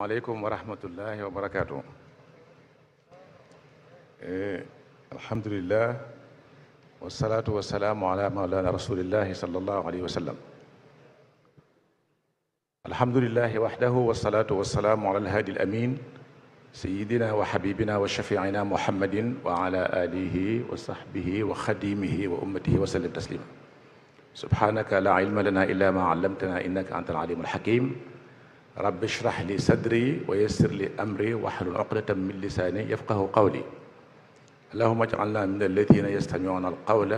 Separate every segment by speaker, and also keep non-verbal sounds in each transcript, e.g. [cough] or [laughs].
Speaker 1: عليكم ورحمة الله وبركاته إيه، الحمد لله والصلاة والسلام على مولانا رسول الله صلى الله عليه وسلم الحمد لله وحده والصلاة والسلام على الهادي الأمين سيدنا وحبيبنا وشفيعنا محمد وعلى آله وصحبه وخديمه وأمته وسلم تسليما سبحانك لا علم لنا إلا ما علمتنا إنك أنت العليم الحكيم رب اشرح لي صدري ويسر لي أمري واحلل عقدة من لساني يفقه قولي اللهم اجعلنا من الذين يستمعون القول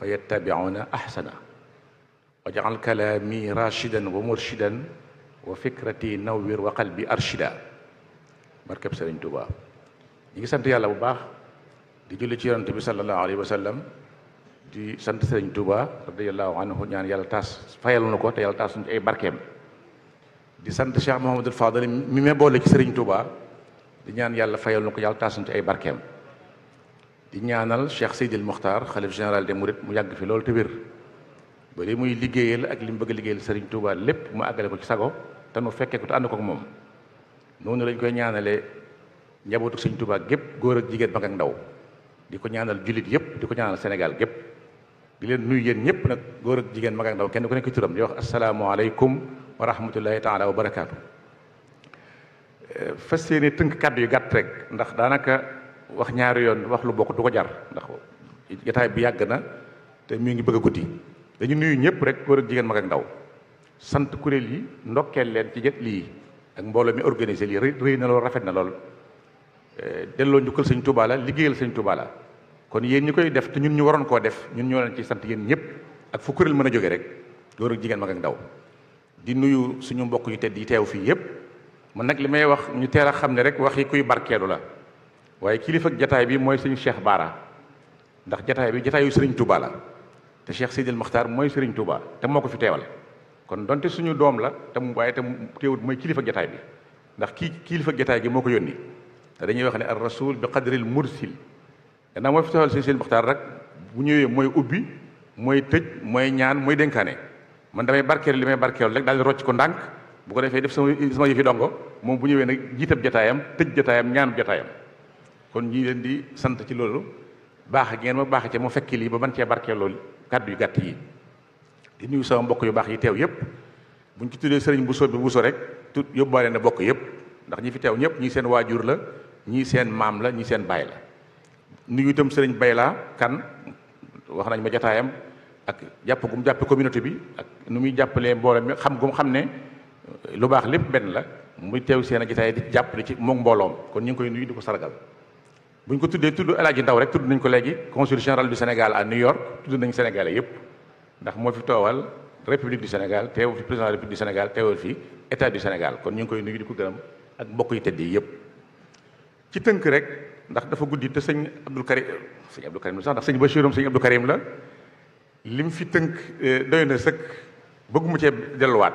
Speaker 1: فيتبعون أحسنه واجعل كلامي راشدا ومرشدا وفكرتي نوّر وقلبي أرشدا barkeb Sëriñ Tuubaa ñi ngi sant yàlla bu baax di julli ci yonent bi sallallahu alayhi wa sallam di sant Sëriñ Tuubaa radiyallahu anhu ñaan yàlla taas fayal nu ko te yàlla taas ñu ay barkeem di sant Cheikh Mouhamadul Fadal mi me boole ci Serigne Touba di ñaan yàlla fayal na ko yàlla taasuñ ci ay barkeem di ñaanal Cheikh Seydil Mokhtar xalif général des Mourides mu yàgg fi loolu te wér ba li muy liggéeyal ak li mu bëgg a liggéeyal Serigne lépp mu àggale ko ci sago te nu fekkee ko te ànd ko ak moom noonu lañ koy ñaanalee njabootu Serigne Touba gépp góor ak jigéen mag ak ndaw di ko ñaanal jullit yëpp di ko ñaanal Sénégal gépp di leen nuyu yéen ñëpp nag góor ak jigéen mag ak ndaw kenn nekk wa rahmatullahi taala wa barakaatu fas yéene tënk kàddu yu gàtt rek ndax daanaka wax ñaari yoon wax lu bokk du ko jar ndax jotaay bi yàgg na te mi ngi bëgg a guddi dañu nuyu ñëpp rek góor ak jigéen mag ak ndaw sant kuréel yi ndokkeel leen ci jët lii ak mbooloo mi organisé lii rëy na lool rafet na lool eh, delloo njukkal sëñ Tuubaa la liggéeyal sëñ tubaala kon yéen ñi koy def te ñun ñu waroon koo def ñun ñoo leen ci sant yéen ñëpp ak fu kuréel mën a jóge rek góor jigéen mag ak ndaw di nuyu suñu mbokk yu tedd yi teew fii yépp man nag li may wax ñu teel a xam ne rek wax yi kuy barkeelu la waaye kilifa jataay bi mooy suñu Cheikh Baara ndax jataay bi jataayu Serigne Touba la te Cheikh Sidil Makhtar mooy Serigne Touba te moo ko fi teewal kon donte suñu doom la te mu waaye te teewut mooy kilifa jataay bi ndax kii kilifa ak jataay gi moo ko yónni te dañuy wax ne ar rasul bi qadril mursil dana mooy fi teewal Sidil Makhtar rek bu ñëwee mooy ubbi mooy tëj mooy ñaan mooy dénkaane. man damay barkeel li may barkeel rek daal di rocc ko ndànk bu ko defee def sama sama yëfi dongo moom bu ñëwee nag jiitab jataayam tëj jotaayam ñaanub jotaayam kon ñi leen di sant ci loolu baax ngeen ma baax ca ma fekki lii ba man cee barkeel loolu kàddu yu gàtt yi di nuyu sama mbokk yu baax yi teew yëpp buñ ci tuddee sëriñ Bousso bi Bousso rek tut yóbbaale na bokk yëpp ndax ñi fi teew ñëpp ñii seen waajur la ñii seen maam la ñii seen baay la nuyu itam sëriñ Bayla kan wax nañ ma jotaayam ak jàpp gum jàppe communauté bi ak nu muy jàppalee mbooloo mi xam gum xam ne euh, lu baax lépp benn la muy teew seen a jitaay di jàppale ci moom mbooloom kon ñu ngi koy nuyu di ko sargal bu ñu ko tuddee tudd El Hadji Ndaw rek tudd nañ ko léegi consul général du Sénégal a New York tudd nañ Sénégalais yépp ndax moo fi toowal république du Sénégal teewul fi président de la république du Sénégal teewal fi état du Sénégal kon ñu ngi koy nuyu di ko gërëm ak mbokk yi tedd yi yépp ci tënk rek ndax dafa guddi te sëñ Abdou Karim sëñ Abdou Karim sax ndax sëñ Bachirum sëñ Abdou Karim la lim fi tënk eh, doy na sëkk bëgguma cee delluwaat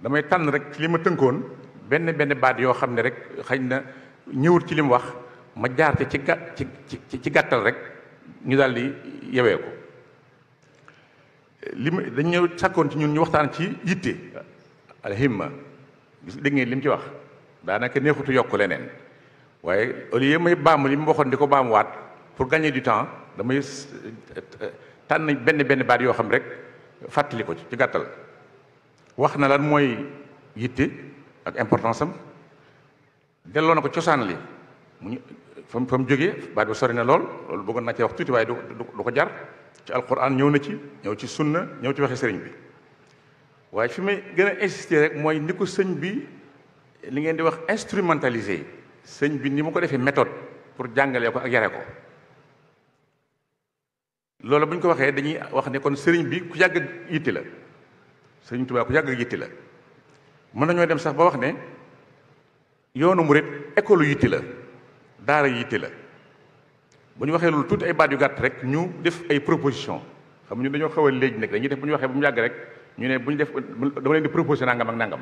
Speaker 1: damay tànn rek ci li ma tënkoon benn benn baat yoo xam ne rek xëy na ñëwut ci li wax ma jaar ci ci ci ci gàttal rek ñu daal di yewee ko li ma dañ ñëw sàkkoon ci ñun ñu waxtaan ci yitte alhimma gis dégg ngeen li mu ci wax daanaka neexutu yokk leneen waaye au lieu may baamu li mu waxoon di ko baamuwaat pour gagner du temps damay tànn benn benn baat yoo xam rek fàttali ko ci ci gàttal wax na lan mooy yitte ak importance sam delloo na ko cosaan li mu ñu fa mu fa mu jógee baat sori na lool loolu bëggoon naa cee wax tuuti waaye du du ko jar ci alquran ñëw na ci ñëw ci na ñëw ci waxe sëriñ bi waaye fi may gën a insister rek mooy ni sëñ bi li ngeen di wax instrumentalisé sëñ bi ni mu ko defee méthode pour jàngalee ko ak yare ko loolu bu ñu ko waxee dañuy wax ne kon sëriñ bi ku yàgg yitti la sëriñ Tuubaa ku yàgg yitti la mën nañoo dem sax ba wax ne yoonu murit école yitti la daara yitti la bu ñu waxee loolu tuuti ay baat yu gàtt rek ñu def ay proposition xam ñu dañoo xaw a léegi nag def bu ñu waxee ba mu rek ñu ne bu ñu def dama leen di proposé ak nangam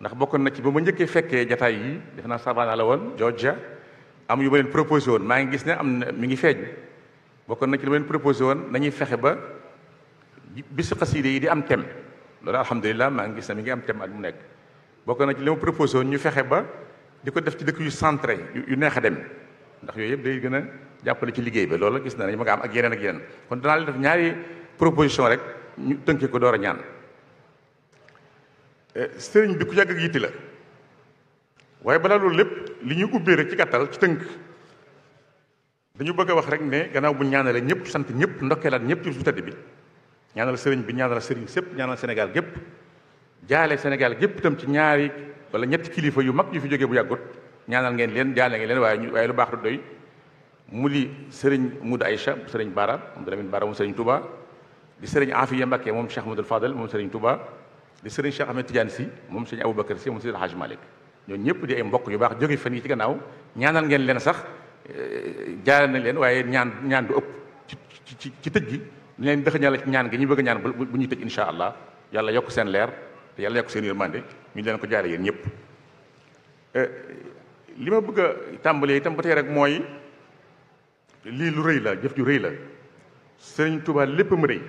Speaker 1: ndax bokkoon na ci ba ma njëkkee fekkee jataay yi def naa Savana la woon Georgia am yu ma leen proposé woon maa ngi gis ne am na mi ngi feeñ. bokkoon na ci li ma leen proposé woon nañuy fexe ba bisu xaside yi di am thème loolu alhamdulilah maa ngi gis na mi ngi am tem ak mu nekk bokkoon na ci li ma proposé woon ñu fexe ba di ko def ci dëkk yu centré yu neex a dem ndax yooyu yëpp day gën a jàppale ci liggéey bi loolu gis na ne ma nga am ak yeneen ak yeneen kon danaa leen def ñaari proposition rek ñu tënkee ko door a ñaan eh, sëriñ bi ku yàgg yitti la waaye balaa loolu lépp li ñuy ubbee rek ci gàttal ci tënk dañu bëgg a wax rek ne gannaaw bu ñaanale ñëpp sant ñëpp ndokkeelaat ñëpp ci su bi ñaanal sëriñ bi ñaanal sëriñ sëpp ñaanal Sénégal gépp jaale Sénégal gépp itam ci ñaari wala ñetti kilifa yu mag yu fi jógee bu yàggut ñaanal ngeen leen jaale ngeen leen waaye waaye lu baax du doy mu di sëriñ Moudou Aïcha sëriñ Baara Moudou Lamine Baara moom sëriñ Touba di sëriñ Afiya Mbacké moom Cheikh Moudou Fadel moom sëriñ Touba di sëriñ Cheikh Ahmed Tidiane Sy moom sëriñ Aboubacar Sy moom sëriñ Hadj Malick ñooñu ñëpp di ay mbokk yu baax jóge fan yi ci gannaaw ñaanal ngeen leen sax jaare na leen waaye ñaan ñaan du ëpp ci ci ci tëj gi ñu leen dëxëñal ci ñaan gi ñu bëgg ñaan bu ñu tëj insha allah yàlla yokk seen leer te yàlla yokk seen yërmande ñu leen ko jaare yéen ñëpp euh, li ma bëgg a tàmbalee itam tey rek mooy lii lu rëy la jëf ju rëy la sëriñ Touba léppam rëy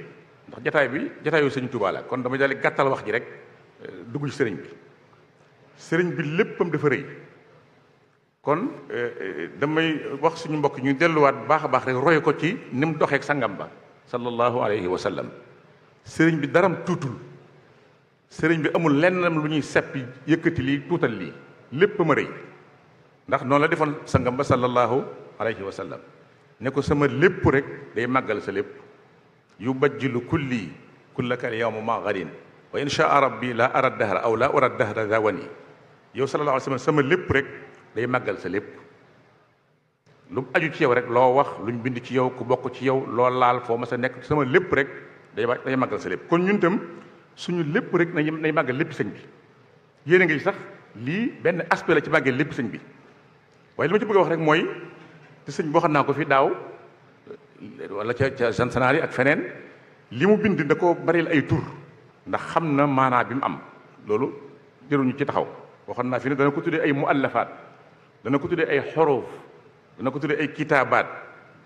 Speaker 1: ndax jataay bi jataayu sëriñ Touba la kon dama dalee gàttal wax ji rek euh, dugg ci sëriñ bi sëriñ bi léppam dafa rëy kon eh, eh, damay wax suñu mbokk ñu delluwaat baax a baax rek roy ko ci ni mu doxeek sangam ba sallallahu alayhi wa sallam sëriñ bi daram tuutul sëriñ bi amul lennam lu ñuy seppi yëkkati lii tuutal lii lépp ma ndax noonu la defoon sangam ba sallallahu alayhi ne ko sama lépp rek day màggal sa lépp yu bajjilu kulli kullaka yawma ma gadin wa insha rabbi la ara dahra aw la ura dahra zawani yow sallallahu alayhi wa sama lépp rek day màggal sa lépp lu aju ci yow rek loo wax luñ bind ci yow ku bokk ci yow loo laal foo ma sa nekk sama lépp rek day day màggal sa lépp kon ñun tam suñu lépp rek nañu nañ màggal lépp sëñ bi yéen a ngi sax lii benn aspect la ci màggal lépp sëñ bi waaye lu ma ci bëgg wax rek mooy te sëñ boo xam naa ko fi daaw wala ca ca gendarmerie ak feneen li mu bind da koo bari ay tur ndax xam na maanaa bi am loolu jëruñu ci taxaw waxoon naa fi ne dana ko tuddee ay muallafaat dana ko tuddee ay xoroof dana ko tuddee ay kitaabaat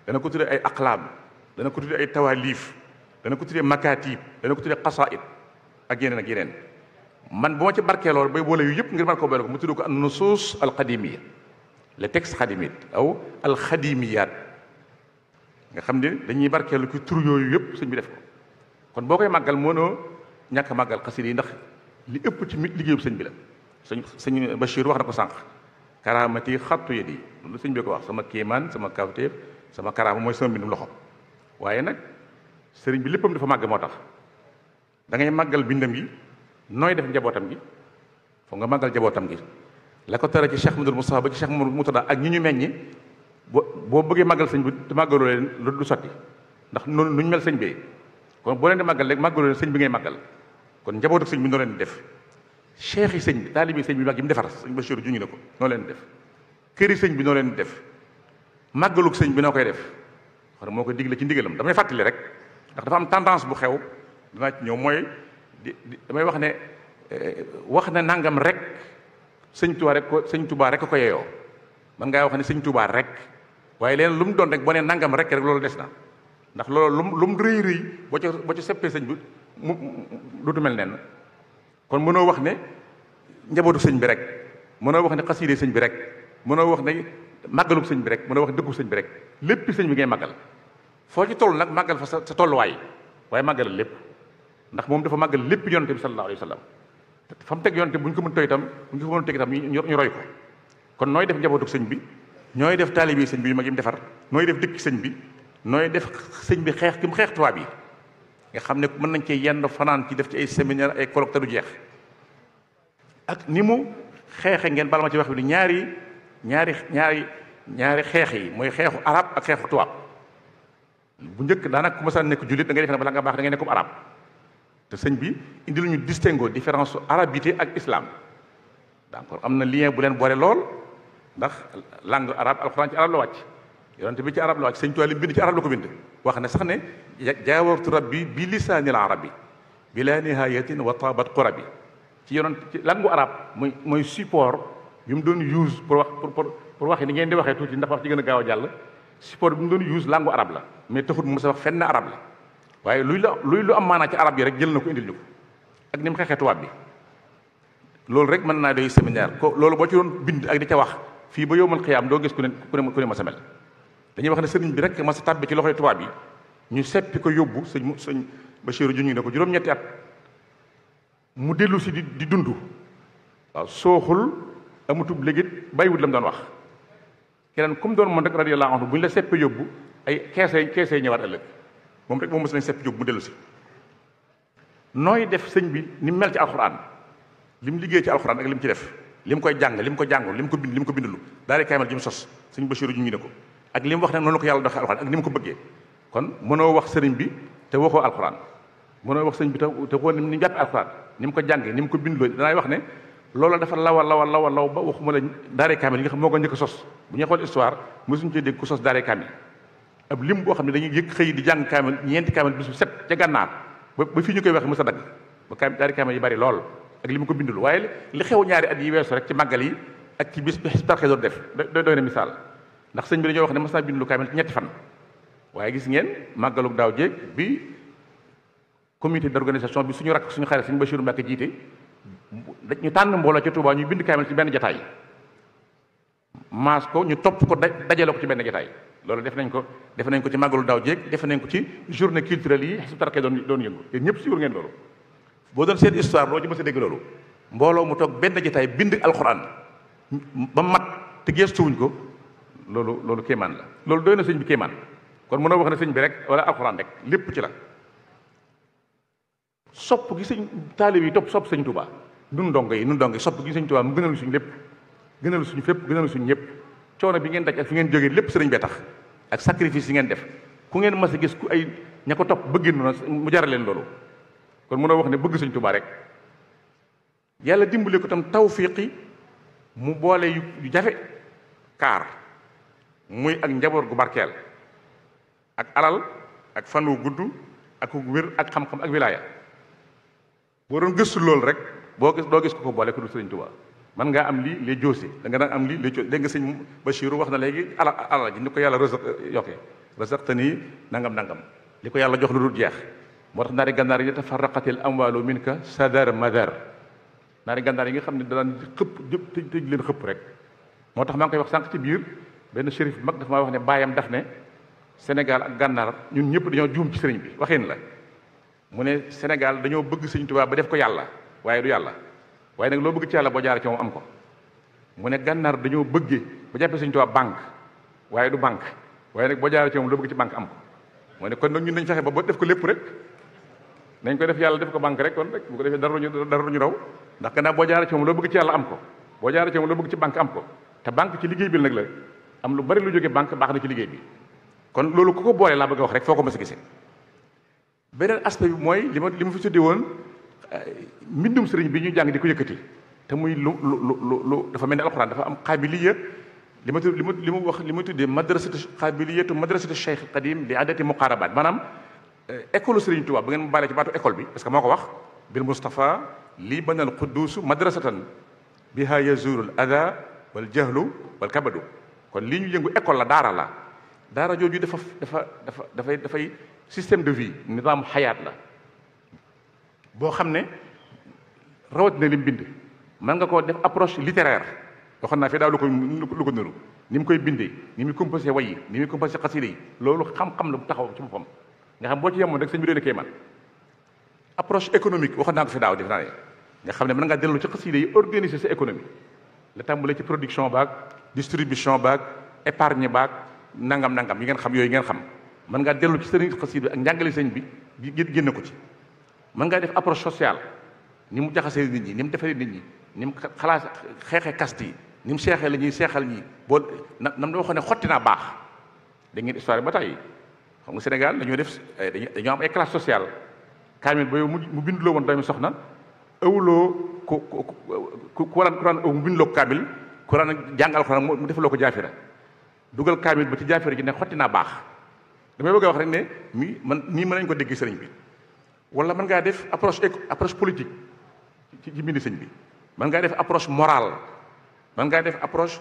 Speaker 1: dana ko tuddee ay aqlaam dana ko tuddee ay tawaalif dana ko tuddee makaatib dana ko tuddee xasaid ak yeneen a yeneen man boo ma ci barkeelool bay boole yu yëpp ngir man ko boole ko mu tudd ko an nusuus al qadimiya le texte xadimit aw al xadimiyat nga xam ne dañuy barkeelu ci tur yooyu yëpp sëñ bi def kon boo koy màggal mënoo ñàkk màggal xasida yi ndax li ëpp ci mit liggéeyu sëñ bi la sëñ sëñ Bachir wax na ko sànq karaamati xattu yët yi lu sëñ bi ko wax sama kéemaan sama kawteef sama karaama mooy sama mbindum loxo waaye nag sëriñ bi léppam dafa màgg moo tax da ngay màggal bindam gi nooy def njabootam gi foog nga màggal njabootam gi la ko tere ci Cheikh Modou Moustapha ba ci Cheikh Modou Moutada ak ñi ñu meññi boo boo bëggee màggal sëñ bi te màggaloo leen lu du sotti ndax noonu nu ñu mel sëñ bi kon boo leen di màggal rek màggaloo leen sëñ bi ngay màggal kon njabootu sëñ bi noo leen def cheikh yi sëñ bi taalibi sëñ bi mag yi mu defar sëñ ba Bachir juñu na ko noo leen def këri sëñ bi noo leen def màggalug sëñ bi noo koy def war moo ko digle ci ndigalam damay fàttali rek ndax dafa am tendance bu xew danaa ci ñëw mooy damay wax ne eh, wax na nangam rek sëñ Tuubaa rek ko sëñ Tuubaa rek ko yeyoo man ngaa wax ne sëñ tubaar rek waaye leen lu mu doon rek boo nee nangam rek rek loolu des na ndax loolu lu mu lu mu rëy rëy boo ca boo ca seppee sëñ bi mu dootu mel nen kon mënoo wax ne njabootu sëñ bi rek mënoo wax ne xasiide sëñ bi rek mënoo wax ne màggalub sëñ bi rek mënoo wax dëkkub sëñ bi rek lépp sëñ bi ngay màggal foo ci toll nag màggal fa sa sa tolluwaay waaye màggalal lépp ndax moom dafa màggal lépp yonante bi sa alayhi wa sallam fa mu teg yonante bu ñu ko mën toy itam bu ñu ko mën teg itam ñu roy ko kon nooy def njabootu sëñ bi ñooy def taalibi sëñ bi yu mag defar nooy def dëkk sëñ bi nooy def sëñ bi xeex ki mu xeex tubaab yi nga xamne ne mën nañ ci yenn fanaan ci def ci ay séminaire ay colloque du jeex ak ni mu xeexe ngeen balama ci wax bi ñaari ñaari ñaari ñaari xeex yi mooy arab ak xexu tuwa bu da nak ku sa nek julit da ngay def na bala nga bax da ngay nek arab te señ bi indi luñu distingo différence arabité ak islam donc amna lien bu len boré lool ndax langue arab alcorane ci arab la wacc yonente bi ci arab la wacc señ toali bind ci arab la ko bind wax na sax ne jaawartu rabbi bi lisanil arabi bila nihayatin wa tabat qurabi ci langu arab moy moy support bimu don use pour wax pour pour wax ni ngeen di waxe tuuti ndax wax ci gëna gaaw jall support bimu don use langu arab la mais taxut mu sa wax fenn arab la waye luy la luy lu am mana ci arab yi rek jël nako ko lu ak nim xexetu wabbi tubaab rek man na doy seminar ko bo ci don bind ak di ca wax fi ba yowmal qiyam do gis ku ne ma sa dañuy wax ne sëriñ bi rek ma sa tàbbi ci loxoy tubaab yi ñu seppi ko yóbbu sëñ sëñ Bachirou ju ñu ne ko juróom-ñetti at mu dellu si di di dund waaw sooxul amutub léegi bàyyiwut la mu doon wax kenn comme doon moom rek radiyallahu la bu ñu la seppe yóbbu ay keese keese ñëwaat ëllëg moom rek moom mos nañ seppi yóbbu mu dellu si nooy def sëñ bi ni mel ci alxuraan li mu liggéey ci alxuraan ak li ci def li koy jàng li mu ko jàngul li ko bind li mu ko bindulu daa di kaymal ji mu sos ju ñu ne ko ak li mu wax nag noonu la ko yàlla doxee alxuraan ak ni mu ko bëggee kon mënoo wax sëriñ bi te waxoo alxuraan mënoo wax sëriñ bi te te waxoo ni mu jàppe alxuraan ni mu ko jàngee ni ma ko bindloo danaay wax ne loolu dafa lawa lawa lawa law ba waxuma la daaree kaamil yi nga xam moo ko njëkk sos bu ñuy xool histoire mosuñu cee dégg xam ne dañuy yëkk xëy di jàng kaamil ñeenti kaamil bis bu set ca gànnaar ba fii ñu bari lool ak li ma ko bindul waaye li xew ñaari at yi weesu rek ci màggal yi ak ci bis bi Hizbut Tarqiyyah doon def doy na misaal ndax sëñ bi dañoo wax ne mas naa bind lu kaamil ci ñetti fan waaye gis ngeen màggalu daaw jéeg bi comité d'organisation bi suñu rakk suñu xarit suñu Bachirou Mbacke jiite ñu tànn mbooloo ci Touba ñu bind kaamil ci benn jataay maas ko ñu topp ko dajale ko ci benn jataay loolu def nañ ko def nañ ko ci màggalu daaw jéeg def nañ ko ci journée culturelle yi Hizbut Tarqiyyah doon doon yëngu yéen ñëpp siwur ngeen loolu boo doon seen histoire loo ci mës a dégg loolu mbooloo mu toog benn jataay bind alxuraan ba mat te geestuwuñ ko lolu lolu kéemaan la lolu doyna na bi kéemaan kon mëna wax na sëñ bi rek wala alcorane rek lepp ci la sop gi sëñ talib yi top sop sëñ touba nun ndongo yi nun ndongo yi sopp gi sëñ touba mu gënal suñu lepp gënal suñu fépp gënal suñu ñëpp coono bi ngeen daj ak fi ngeen jógee lepp sëriñ bi tax ak sacrifice yi ngeen def ku ngeen mësa gis ku ay ñako top bëggin na mu jaral leen loolu kon mëna wax ne bëgg sëñ touba rek yalla dimbale ko tam tawfiqi mu boole yu jafe kar muy ak njabor gu barkel ak alal ak fanu guddu ak wir ak xam-xam ak wilaya bo doon gëstu lol rek bo gis do gis ko ko bolé ko du sëriñ Tuubaa man nga am li les joosi da nga am li les joosi deng serigne sëñ wax na legi alal alal ji niko yalla yàlla rësëq yokkee tani nangam nangam liko yalla jox lu dul jeex motax ndari gandar yi tafarraqatil amwalu minka sadar madar ndari gandar yi nga xam ne daan xëpp jëpp tej leen xep rek motax wax sank ci bir benn shérif bi mag daf maa wax ne baayam daf ne Sénégal ak gànnaar ñun ñëpp dañoo juum ci sëriñ bi waxin la mu ne Sénégal dañoo bëgg sëriñ Tuubaa ba def ko yàlla waaye du yàlla waaye nag loo bëgg ci yàlla boo jaaree ci moom am ko mu ne gànnaar dañoo bëggee ba jàppee sëriñ Tuubaa banque waaye du banque waaye nag boo jaaree ci moom loo bëgg ci banque am ko ne kon nag ñun nañ fexe ba ba def ko lépp rek nañ ko def yàlla def ko banque rek kon rek bu ko defee boo jaaree ci moom loo bëgg ci yàlla am ko boo jaaree ci moom loo bëgg ci banque te banque ci liggéey bi nag la am lu bari lu jóge banque baax na ci liggéey bi kon loolu ku ko boolee laa bëgg a wax rek foo ko mës a gisee beneen aspect bi mooy li ma li ma fi tuddee woon euh, mbindum sëriñ bi ñuy jàng di ko yëkkati te muy lu lu lu lu dafa mel ni alxuraan dafa am xaabiliya li ma li ma li ma wax li ma tuddee madrasatu xaabiliyatu madrasatu cheikh qadim li adati muqarabaat maanaam euh, école sëriñ Tuubaa ba ngeen mu baalee ci baatu école bi parce que moo ko wax bil Mustafa lii banal quddus madrasatan biha yazurul ada wal jahlu wal kabadu kon lii ñu yëngu école la daara la daara jooju dafa dafa dafa dafay dafay système de vie nizaam xayaat la boo xam ne rawatina li mu bind mën nga koo def approche littéraire waxoon naa fi lu ko lu ko nëru ni mu koy bindee ni muy composé way yi ni muy composé xasida yi loolu xam-xam la bu taxaw ci boppam nga xam boo ci yemoon rek sëñ bi doon man approche économique waxoon naa ko fi daaw def naa ne nga xam ne mën ngaa dellu ci xasida yi organiser sa économie la tàmbalee ci production baag distribution baag épargne baag nangam nangam yi ngeen xam yooyu ngeen xam mën ngaa dellu ci sëriñ xasida ak njàngale sëñ bi génne ko ci mën ngaa def approche sociale ni mu jaxasee nit ñi nim mu nit ñi ni mu xalaat xeexee kast yi ni mu seexee la ñuy seexal nii boo na nam da waxoon ne xotti naa baax da ngeen histoire ba tey xam nga Sénégal dañoo def eh, dañoo am ay classe sociale kaamil ba yow mu binduloo woon doomi soxna ëwloo ku ku ku ku waraan ëw mu binduloo kaamil quran jangal quran alquran mu defaloo ko jafira dugal kamil ba ci jafira ji ne xoti na bax damay bëgg wax rek ne mi man ni mën ko dégg sëriñ bi wala man nga def approche approche politique ci ci mbindi sëñ bi man nga def approche morale man nga def approche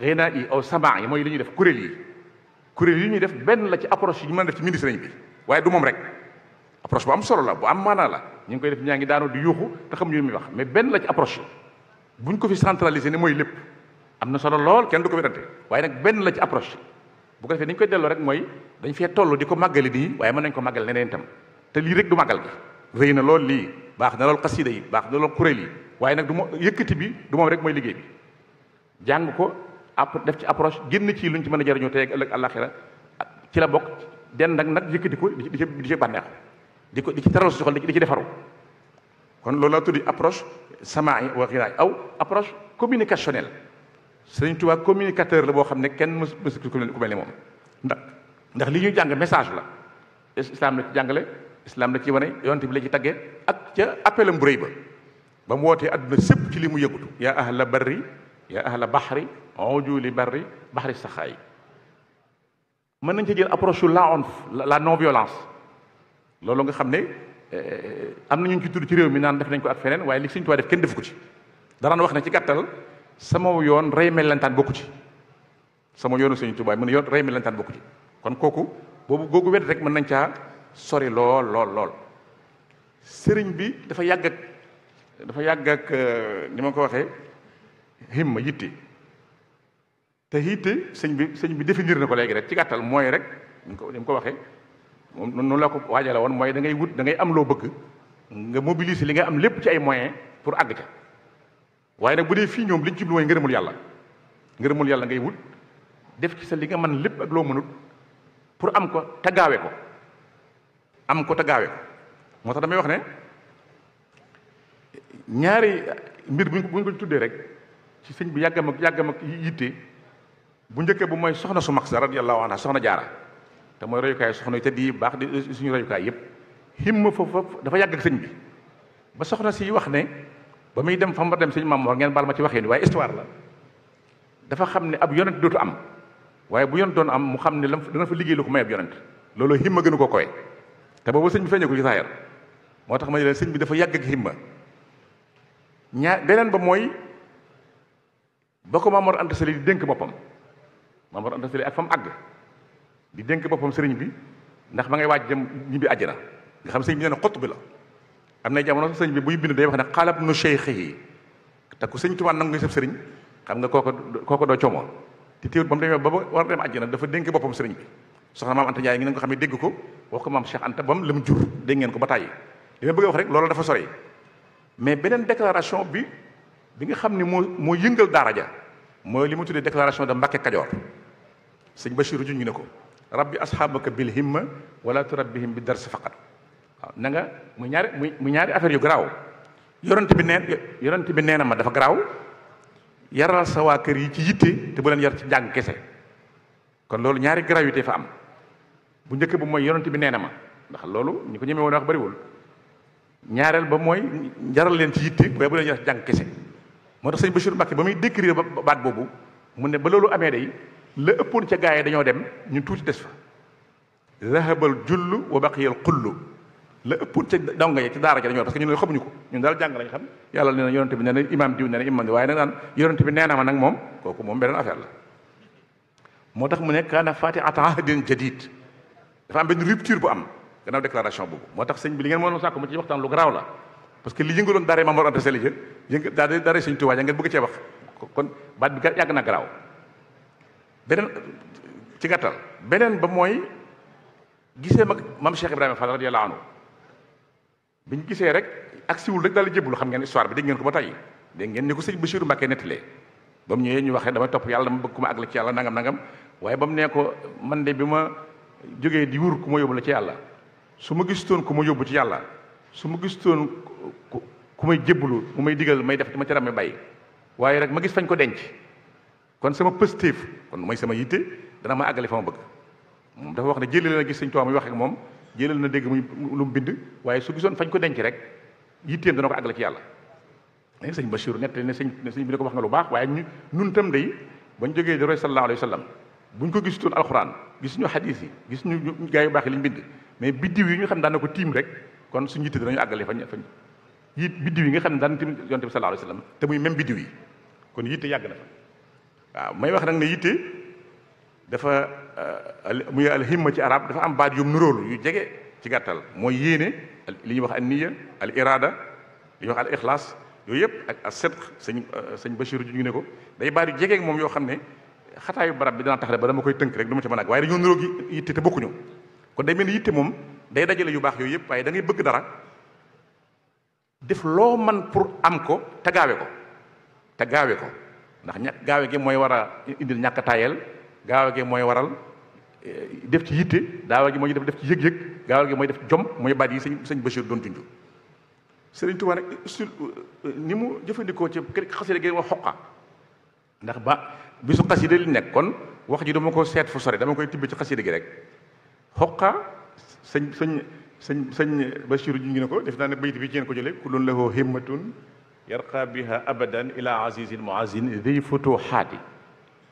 Speaker 1: réna yi aw sama yi moy li ñuy def kuréel yi kuréel yi ñuy def ben la ci approche yi man def ci mbindi sëriñ bi waye du mom rek approche bu am solo la bu am maanaa la koy def ñangi daanu di yuuxu te xam ñu mi wax mais ben la ci approche buñ ko fi centraliser ni moy lepp amna solo lol kenn du ko werante waye nak benn la ci approche bu ko fi ni ñu koy delo rek moy dañ fi tollu di magali di waye man nañ ko magal neneen tam te li rek du magal gi reyna lol li bax na lol qasida yi bax na lol kuréel waye nak duma du bi duma rek moy liggéey bi jang ko app def ci approche genn ci luñ ci mëna jarñu tay ak alakhirah ci la bok den nak nak yëkkati ko di ci di ci bànneexu di ko di ci teral soxal di ci defaru kon loolu laa tuddi approche samaay wa aw approche communicationnelle Sëriñ Tuubaa communicateur la boo xam ne kenn mës mës ku mel ne moom ndax ndax li ñuy jàng message la islam la ci jàngale islam la ci wane yonent bi la ci taggee ak ca appel bu rëy ba ba mu wootee adduna sépp ci li mu yëgutu yaa ahla barri yaa ahla baxri ujuli barri baxri saxaay mën nañ ci jël approche la on la non violence loolu nga xam ne Eh, am na ñu ci tudd ci réew mi naan def nañ ko ak feneen waaye li Sëñ Tuubaa def kenn defu ko ci dara na wax na ci gàttal sama yoon rey melentaan bokku ci sama yoonu Sëñ Tuubaa mu ne yoon rey bokku ci kon kooku boobu googu wet rek mën nañ caa sori lool lool lool sëriñ bi dafa yàgg dafa yàgg ak eh, ni ma ko waxee himma yitte te yitte sëñ bi sëñ bi définir na ko léegi rek ci gàttal mooy rek ni ko ni ko waxee non la ko wajala won moy da ngay wut da ngay am lo bëgg nga mobiliser li nga am lip ci ay moyens pour ag ca waye nak budé fi ñom ñoom liñ ci moy ngeerumul yalla ngeerumul yalla ngay wut def ci sa li nga man lepp ak lo mënut pour am ko ta gaawé ko am ko ta gaawé ko moo tax damay wax ne ñaari mbir buñ ko buñ ko tuddé rek ci señ bi yagam ak yagam ak yité bu ñëkke bu moy soxna su mag radiyallahu anha soxna jaara te mooy royukaay soxna yi tëdd yi baax di suñu royukaay yëpp himma foofu dafa yàgg ak sëñ bi ba soxna si wax ne ba muy dem fa ma dem sëñ maam wax ngeen baal ma ci waxee ni waaye histoire la dafa xam ne ab yonent dootu am waaye bu yonent doon am mu xam ne lam dana fa liggéey ko may ab yonent loolu himma gënu ko koy te boobu sëñ bi feeñeekul ci saayar moo tax ma ne sëñ bi dafa yàgg ak himma beneen ba mooy ba ko Maam Mor Anta di dénk boppam Maam Mor ak fa mu àgg di dénk boppam sëriñ bi ndax ma ngay waaj jëm ñibbi àjjana nga xam sëriñ bi nee na xott bi la am na jamono sëriñ bi buy bind day wax ne xaalab nu cheikh yi te ku sëñ Tuubaa nangu sab sëriñ xam nga kooko kooko doo coomo te téewut ba mu demee ba war a dem àjjana dafa dénk boppam sëriñ bi soxna maam Anta Ndiaye ngi nga xam ne dégg ko wax ko maam Cheikh Anta bam la mu jur dégg ngeen ko ba tàyyi li ma bëgg wax rek loolu dafa sori mais beneen déclaration bi bi nga xam ne moo moo yëngal daara ja mooy li mu tuddee déclaration de Mbacké Kajoor sëñ ba Bachirou juñ ñu ne ko rabbi ashabaka bil himma wala turabbihim bi dars faqat na nga muy ñaari muy muy ñaari affaire yu graw yoronte bi neen yoronte bi neena ma dafa graw yaral sa waa kër yi ci yitte te bu len yar ci jang kesse kon loolu ñaari gravité fa am bu njëkk bu moy yoronte bi neena ma ndax lolu ñiko ko won wax bari bariwul ñaaral ba moy jaral len ci yitte bu len yar ci jang kesse motax seigne bashir Mbacke ba muy décrire baat bobu mu ne ba lolu amé day le ëppoon ca gaay dañoo dem ñun tuuti des fa zahabal jullu wa baqiyal qullu le ëppoon ca donga ya ci daara ja dañoo parce que ñun xamuñu ko ñun dal jàng lañ xam yàlla nee na yonente bi nee na imam diw nee na imam waaye nag naan yonente bi nee na ma nag moom kooku moom beneen affaire la moo tax mu ne kaana fatiata ahdin jadid dafa am benn rupture bu am gannaaw déclaration boobu moo tax sëñ bi li ngeen mënoon sàkku mu ci waxtaan lu garaaw la parce que li yëngaloon daara mamor ante seli ja yënga daara daara sëñ tuwaa ngeen bëgg cee wax kon baat bi kat yàgg na garaaw benen ci gattal benen ba moy gisee mak mam Cheikh ibrahim Fall radiyallahu anhu biñu ñu gisee rek ak siwul rek dal jeblu xam ngeen histoire bi deg ngeen ko ba tay deg ngeen ni ko sëñ Bachir mbake netele bam ñewé ñu waxee dama top yalla dama bëgg ku ma ci yalla nangam nangam waye bam mu ko man de bima ma di wur kuma yobul la ci yalla suma ma kuma yobul ci yalla suma ma kuma jeblu mu may digal may def ci ma ci ràmme bay waye rek ma gis fañ ko denc kon sama pëstéef kon mooy sama yitte dana ma àggale fa ma bëgg dafa wax ne jëlee na gis sëñ Tuubaa muy wax ak moom jëlee na dégg muy lu mu bind waaye su gisoon fañ ko denc rek yitteem dana ko àggale ci yàlla ne sëñ Bachir nett ne sëñ sëñ bi ne ko wax nga lu baax waaye ñu nun tam day bañ jógee di roy sallallahu alayhi wa sallam buñ ko gisutoon alxuraan gisuñu xadiis yi gisuñu gaa yu baax yi li ñu mais biddiw yi ñu xam daan na ko tiim rek kon suñu yitte danañu àggale fañ fañ it biddiw yi nga xam ne daan na tiim yonte bi sallallahu alayhi wa sallam te muy même biddiw yi kon yitte yàgg na fa waaw may wax nag ne yitte dafa euh, muy al himma ci arab dafa am baat yum nuróolu yu jege ci gàttal mooy yéene li ñuy wax al niya al irada li ñuy wax al ixlaas yooyu yëpp ak ak sidq sëñ euh, sëñ Bachir ju ñu ne ko day baat yu jegeeg moom yoo xam ne xataayu barab bi dana tax ba dama koy tënk rek du ma ci mën ak waaye dañoo nuróog yitte te bokkuñu kon day mel ni yitte moom day dajale yu baax yooyu yëpp waaye da bëgg dara def loo man pour am ko te gaawe ko te gaawe ko ndax ñàkk gaawe gi mooy war a indil ñàkk taayal gaawe gi mooy waral eh, def ci yitte daawa gi mooy def def ci yëg-yëg gaawe gi mooy def ci jom mooy baat yi sëñ sëñ Bachir doon junj sëriñ Tuubaa nag euh, ni mu jëfandikoo ci xasida gi wax xoqa ndax ba bisu xasida li nekk wax ji dama ko seet fu sore dama koy tibb ci xasida gi rek xoqa sëñ sëñ sëñ sëñ Bachir junj ne ko def naa ne bayit bi ci ko jële ku doon la hoo himmatun يرقى بها ابدا الى عزيز المعزين ذي فتوحات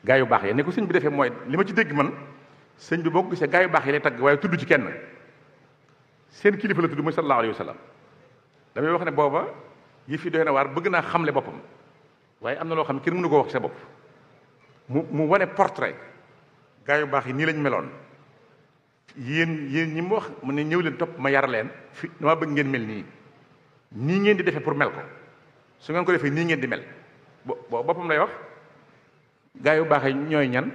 Speaker 1: غايو باخي نيكو سيني بي ديفه موي ليما جي ديغ مان سيني بي بوك سي غايو باخي لي تاغ واي تودو جي كين سين كليفه لا تودو محمد صلى الله عليه وسلم دامي واخني بوبا يفي دوينا وار بغنا خاملي بوبام واي امنا لو خام كير منو كو واخ سي بوب مو مو واني بورتري غايو باخي ني لاني ميلون yen yen ñi mu wax mu ne ñew leen top ma yar leen fi dama bëgg ngeen mel nii ngeen di defee pour mel ko su ngeen ko defee nii ngeen di mel bo boppam lay wax gaa yu baax yi ñooy ñan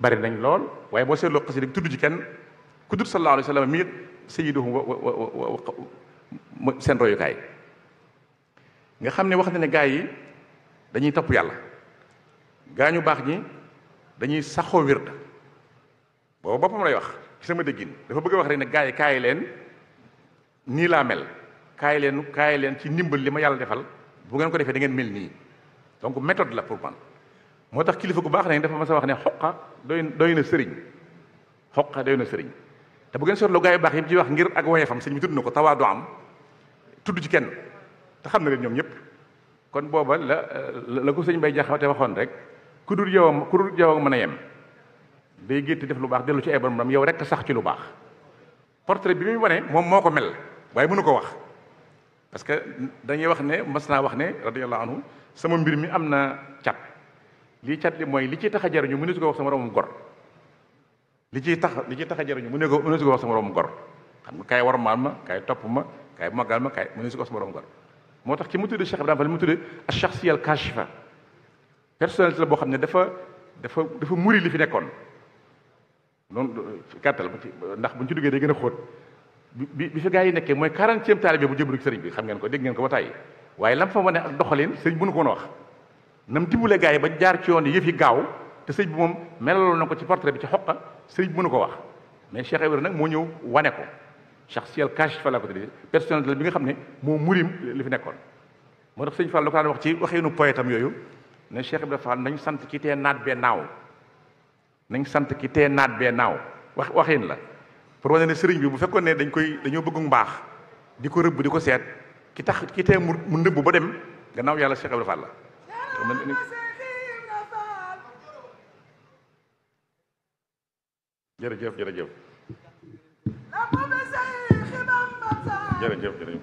Speaker 1: bari nañ lool waaye boo seetloo xasida tudd ci kenn ku dul sallallahu alayhi wa sallam miit sayyiduhum wa wa wa seen royukaay nga xam ne wax na ne gaa yi dañuy topp yàlla gaa ñu baax ñi dañuy saxoo wird booba boppam lay wax ci sama déggin dafa bëgg wax rek ne gaa yi kaay leen nii laa mel kaay leen kaay leen ci ndimbal li ma yàlla defal bu ngeen ko defee da ngeen mel nii donc méthode la pour man moo tax kilifa gu baax nañ dafa ma sa wax ne xoqa doy doy na sëriñ xoqa doy na te bu ngeen seetloo baax yi ci wax ngir ak woyefam sëñ bi tudd na ko tawaadu am tudd ci kenn te xam na leen ñoom ñëpp kon booba la la ko sëñ bay jaxate waxoon rek ku dul yow ku dul mën a yem day gétti def lu baax dellu ci ay borom yow rek sax ci lu baax portrait bi muy wane moom moo ko mel waaye mënu ko wax parce que dañuy wax ne mas naa wax ne la anhu sama mbir mi am na cat lii cat li mooy li ciy tax a jariñu mëneesu ko wax sama romam gor li ci tax li ci tax a jariñu mu ne ko mëneesu ko wax sama romam gor xam nga kaay war maal ma kaay topp ma kaay magal ma kaay mëneesu ko wax moo tax ki mu tuddee a Ibrahima Fall mu tuddee al shakhsiyya al kashifa la boo xam ne dafa dafa dafa muri li fi nekkoon noonu gàttal ndax bu ci duggee day gën a xoot bi bi fi gaa yi nekkee mooy quarantième taalibe bu jëblu sëriñ bi xam ngeen ko dégg ngeen ko ba tàyyi waaye lam fa wane ak doxalin sëriñ bu nu ko wax nam dimbale gaa yi ba jaar ci yoon yëf yi gaaw te sëriñ bi moom melaloon na ko ci portrait bi ci xoqa sëriñ bu nu ko wax mais Cheikh Ibrahima nag moo ñëw wane ko shakhsiyal kaashif la ko tuddee personnalité bi nga xam ne moo murim li fi nekkoon moo tax sëñ Fall la ko daan wax ci waxeenu poètam yooyu ne Cheikh Ibrahima Fall nañ sant ki tee naat bee naaw nañ sant ki tee naat bee naaw wax waxin la pour wone ne serigne bi bu fekkone dañ koy dañoo bëgg mbaax di ko rëbb di ko ki tax ki té mu neub ba dem gannaaw yalla Cheikh Abdou Fall la jërëjëf jërëjëf jërëjëf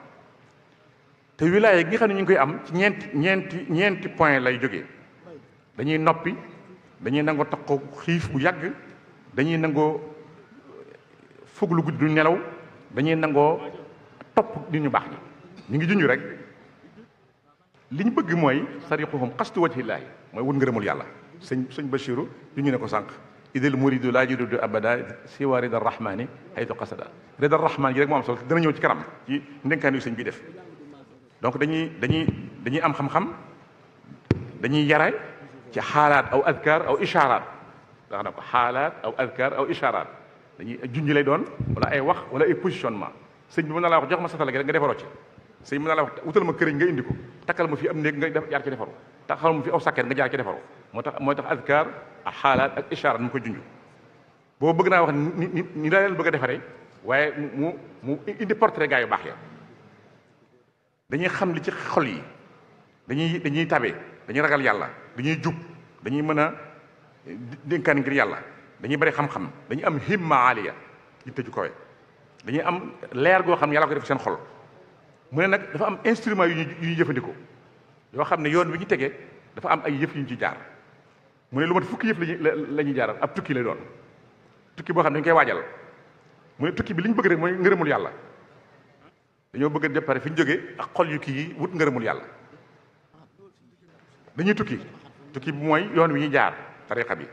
Speaker 1: te wilaya ngi xam ne ñu ngi koy am ci ñeenti ñeenti ñeenti point lay jóge dañuy noppi dañuy nangoo taxaw xiif bu yàgg dañuy nangoo eh, fugg lu guddi du nelaw dañuy nangoo topp nit ñu baax ñi ñu ngi junj rek li ñu bëgg mooy sariquhum xastu wajhillaahi mooy wut ngërëmul yàlla sëñ sëñ Bachiru ñu ñu ne ko sànq idil muridu laa yuridu abada siwa rida rahmani haytu qasada rida rahmani yi rek moo am solo dana ñëw ci kanam ci ndénkaan yu sëñ bi def donc dañuy dañuy dañuy am xam-xam dañuy yare ci xaalaat aw adkaar aw ishaaraat ndax na ko xaalaat aw adkaar aw ishaaraat dañuy junj lay doon wala ay wax wala ay positionnement sëñ bi mën na laa wax jox ma satala nga defaroo ci sëñ bi mën na laa wax wutal ma këriñ nga indi ko takkal ma fi am néeg nga jaar ci defaru takkal ma fi aw sàkket nga jaar ci defaru moo tax mooy tax adkaar ak xaalaat ak ishaaraat mu ko junj boo bëgg naa wax ni ni la leen bëgg a defaree waaye mu mu indi portrait gaa yu baax ya dañuy xam li ci xol yi dañuy dañuy tabe dañuy ragal yàlla dañuy jub dañuy mën a dénkaan ngir yàlla dañuy bari xam-xam dañuy am himma aliya ji tëju kawe dañuy am leer goo xam ne yàlla ko def seen xol mu ne nag dafa am instrument yu ñu yu jëfandikoo yoo xam ne yoon bi ñu tegee dafa am ay yëf yu ñu ci jaar mu ne lu mat fukki yëf la ñuy jaaral ab tukki lay doon tukki boo xam ne dañu koy waajal mu ne tukki bi li ñu bëgg rek mooy ngërëmul yàlla dañu bëgg a paré fi joggé ak xol yu ki wut ngeerumul yalla dañuy tukki tukki bi moy yoon wi ñi jaar tariqa bi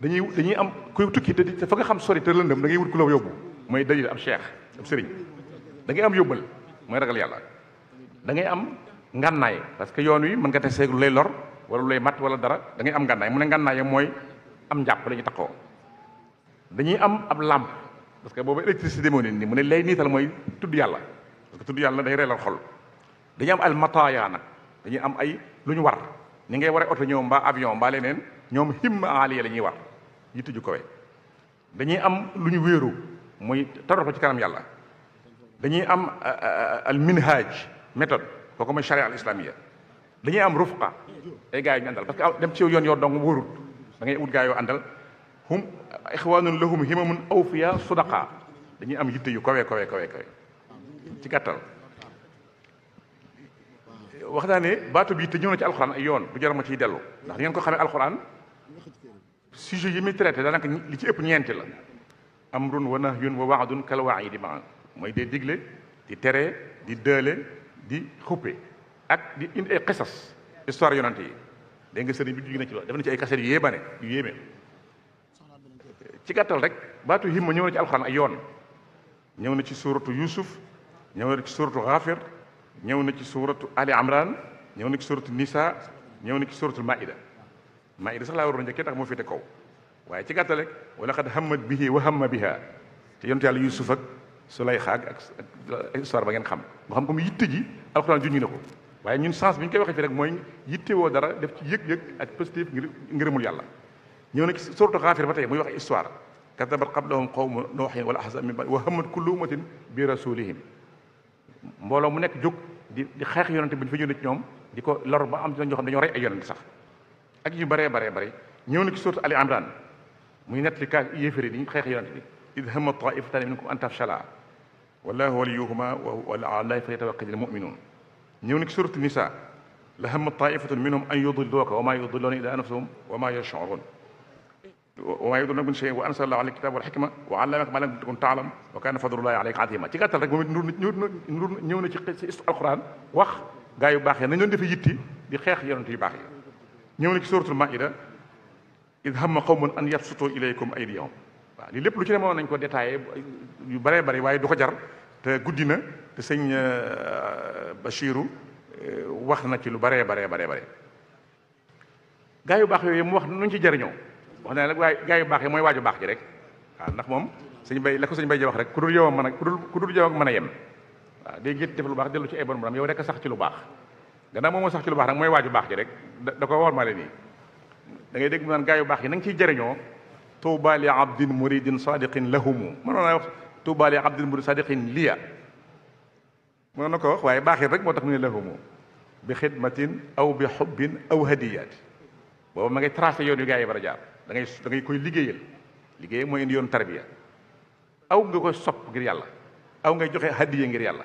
Speaker 1: dañuy dañuy am kuy tukki te fa nga xam sori te lëndëm da ngay wut ku la yóbbu mooy dalil am cheikh am sëriñ da ngay am yobbal moy ragal yalla da ngay am ngannaay parce que yoon wi mën nga tesee lu lay lor wala lay mat wala dara da ngay am ngannaay mu ne ngànnaayam ya am japp lañu ñu dañuy am ab lamp parce que bobu électricité mo ni nii mu ne lay nital moy tuddu yalla parce que tudd yàlla day reelal xol dañuy am al mataaya nag dañuy am ay lu ñu war ni ngay war a oto ñoom mbaa avion mbaa leneen ñoom himma aliya la ñuy war yi tuju kawe dañuy am lu ñu wéeru muy taroot ko ci kanam yàlla dañuy am al minhaj méthode kooku mooy charia al islamia dañuy am rufqa ay gars yu ñu àndal parce que dem ci yoon yoo dong wóorut da ngay wut gars yoo àndal hum ixwanun lahum himamun awfiya sudaqa dañuy am yitte yu kawe kawe ci gàttal wax naa ne baatu bi te ñëw na ci alxuraan ay yoon du jar ma ciy dellu ndax ngeen ko xamee alxuraan sujet yi muy traité daanaka li ci ëpp ñeenti la amrun wa nahyun wa waadun kal waidi maa mooy dee digle di tere di dële di xuppe ak di indi ay xisas histoire yonante yi dégg nga sëriñ bi jugee na ci loolu def na ci ay kaset yu yéebane yu yéeme ci gàttal rek baatu himma ñëw na ci alxuraan ay yoon ñëw na ci suuratu yusuf ñëw na ci suratu Ghafir ñëw na ci suratu Ali Amran ñëw na ci suratu Nisa ñëw na ci suratul Maida Maida sax laa waroon njëkkee tax moo féete kaw waaye ci gàttal rek wala xad hammat bihi wa hamma biha te yonent yàlla Yusuf ak Sulayxa ak ak histoire ba ngeen xam nga xam comme yitte ji alxuraan juñu ne ko waaye ñun sens bi ñu koy waxee fii rek mooy yitte woo dara def ci yëg-yëg ak positif ngir ngërëmul yàlla ñëw na ci suratu Ghafir ba tey muy wax histoire katabat qablahum qawmu Nuuhin wal ahzab min ba'd wa hammat kullu ummatin bi rasulihim mbolo mu nek juk di xex yonent bi ñu fa ñëw ci ñom diko lor ba am ci ñoo xam dañu ray ay yonent sax ak yu bare bare bare ñëw na ci sourate Ali Imran muy nettali ka yéefari di xex yonent bi id hamma taifatan minkum an tafshala wallahu waliyuhuma wa ala llahi falyatawakkal almu'minun ñëw na ci sourate Nisa la hamma taifatun minhum an yudilluka wa ma yudilluna illa anfusahum wa ma yash'urun وعيد لكم شيء وانزل الله عليك الكتاب والحكمه وعلمك ما لم تكن تعلم وكان فضل الله عليك عظيما تي قاتل رك نور نور نور نيونا سي القران واخ غايو باخي يعني، نانيو ديف ييتي دي خيخ يونتي باخي يعني. نيونا سي سوره المائده اذ هم قوم ان يبسطوا اليكم ايديهم لي لب لو سي نمون نانكو ديتاي يو بري بري واي دوكو جار تا غودينا تا سيغ آه، بشيرو آه، واخنا سي لو بري بري بري بري غايو باخ يوي مو واخ نون سي جارنيو wax na la gay gaa yu baax yi mooy waaju ji rek waaw ndax mom suñu bay la ko suñu bay ji wax rek ku dul yow man mën a ku dul yow ak man yam wa day gétt def lu bax delu ci ay bon borom yow rek sax ci lu bax gannaaw mom sax ci lu bax nak moy waju baax ji rek da ko war malé ni da ngay dégg man naan yu yi nang ci ciy jëriñoo li abdin muridin sadiqin lahum man na wax tuuba li abdin murid sadiqin liya man na ko wax waaye baaxit rek motax tax lahum bi khidmatin aw bi hubbin aw hadiyaat bo ma ngay tracé yoonu yu yi jaar da ngay da ngay koy liggéeyal liggéey moy indi yon tarbiya aw nga koy sopp ngir yalla aw ngay joxe hadiya ngir yalla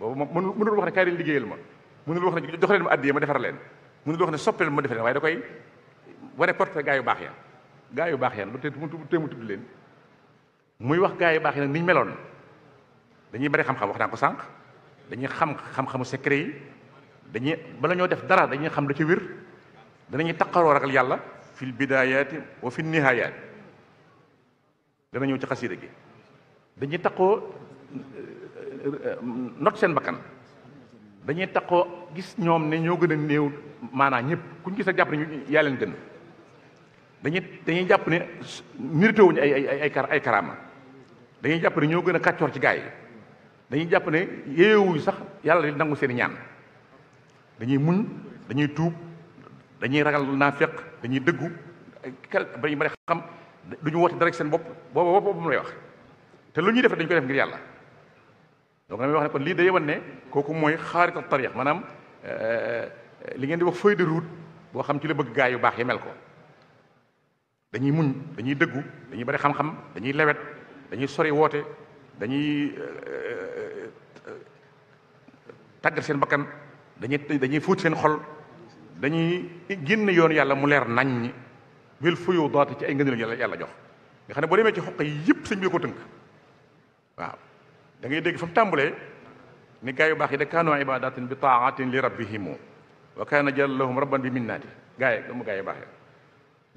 Speaker 1: boobu moom mënul wax ne kaay leen liggéeyal ma mënul wax ne jox leen ma hadiya ma defar leen mënul wax ne soppi ma defar leen waaye da koy wone porte gaay yu bax ya gaay yu bax ya lu te mu tuddu leen muy wax gaay yu bax yi niñ meloon dañuy bari xam-xam wax na ko sank dañuy xam xam-xamu secret yi dañuy bala ñoo def dara dañuy xam la ci wir dañuy taqaroo ragal yàlla fil bidaayaati wa fi nihaayaati dana ñëw ci xasida gi dañuy taqoo eh, not seen bakkan dañuy taqoo gis ñoom ne ñoo gën a néew maanaam ñëpp kuñ gis a jàpp ne yaa leen gën dañuy jàpp ne niritewuñu ay ay ay ay karaama dañuy jàpp ñoo gën a kàccoor ci gaay yi dañuy jàpp ne yeewuñu sax yàlla di nangu seen ñaan dañuy muñ dañuy tuub dañuy ragal naafeq dañuy dëggu kal dañuy bari xam du ñu woote dara seen bopp booba mu lay wax te lu ñuy def dañ koy def ngir yàlla donc damay wax ne kon lii day wan ne kooku mooy xaarita tarix maanaam euh, euh, li ngeen di wax feuille di ruut boo xam ci la bëgg gaay yu baax yi mel ko dañuy muñ dañuy dëggu dañuy bari xam-xam dañuy lewet dañuy sori woote dañuy euh, tàggat seen bakkan dañuy dañuy fóot seen xol dañuy génn yoon yàlla mu leer nañ bil fuyoo doote ci ay ngëneel yàlla yàlla jox nga xam ne boo demee ci xoq yi yëpp sëñ bi ko tënk waaw da ngay dégg fa mu tàmbalee ni gaa yu baax yi da kaanu ibadatin bi taatin li rabbihimu wa kaana jallahum rabban bi minnaati gaa yi dama gaa yu baax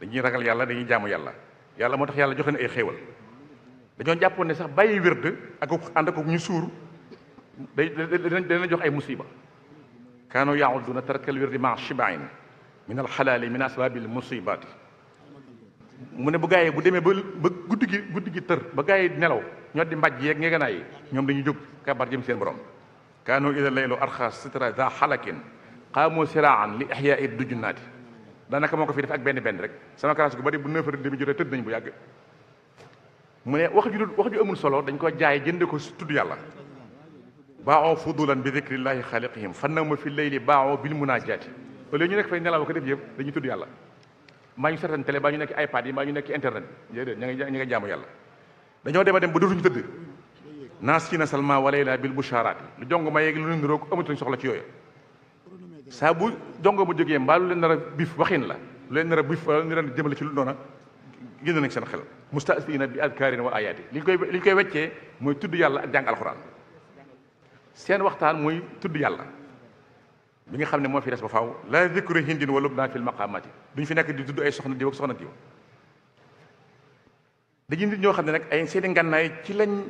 Speaker 1: dañuy ragal yàlla dañuy jaamu yàlla yàlla moo tax yàlla joxe na ay xéewal dañoo jàppoon ne sax bàyyi wird ak ànd ak ñu suur day dana jox ay musiba كانوا يعدون ترك الورد مع الشبع من الحلال من اسباب المصيبات من بغاي بو ديمي با غودغي غودغي تر بغاي نلاو ньо دي مباج ييك نيغناي ньоم دي نيوك كبار جيم سين بروم كانوا الى الليل ارخى سترا ذا حلك قاموا سراعا لاحياء الدجنات دانك مكو في ديف اك بن بن رك سما كراس كو بري بو نيفر ديمي جوري تد نيبو ياغ مو ني واخ جودول واخ جو امول سولو دنجكو جاي جندكو ستود يالا باعوا فضولا بذكر الله خالقهم فنموا في الليل باعوا بالمناجات ولي نك فاي نلاو كديف ييب دا نيتود يالا ما ني سيرتن تيلي با ني نك ايباد ما ني نك انترنت ييد نيغي نيغي جامو يالا دا نيو ديما ديم بودوتو نتود ناس كينا سلمى وليلا بالبشارات لو جونغ ما ييغ لو نروك اموتو سوخلا تي يوي سا بو جونغ مو جوغي مبالو لين نرا بيف واخين لا لين نرا بيف نرا ديمل سي لو دونا غين نك سن خيل مستاسين باذكارنا واياتي لي كوي لي كوي ويتي موي تود يالا جانغ القران سين وقتها موي تود يالا بيغا خا مو في ريس فاو لا ذكر هند ولبنان في المقامات بن في نك دي تود اي سخنا دي وك سخنا ديو دي نيت ньо خا نك اي سيدي غناي تي لاني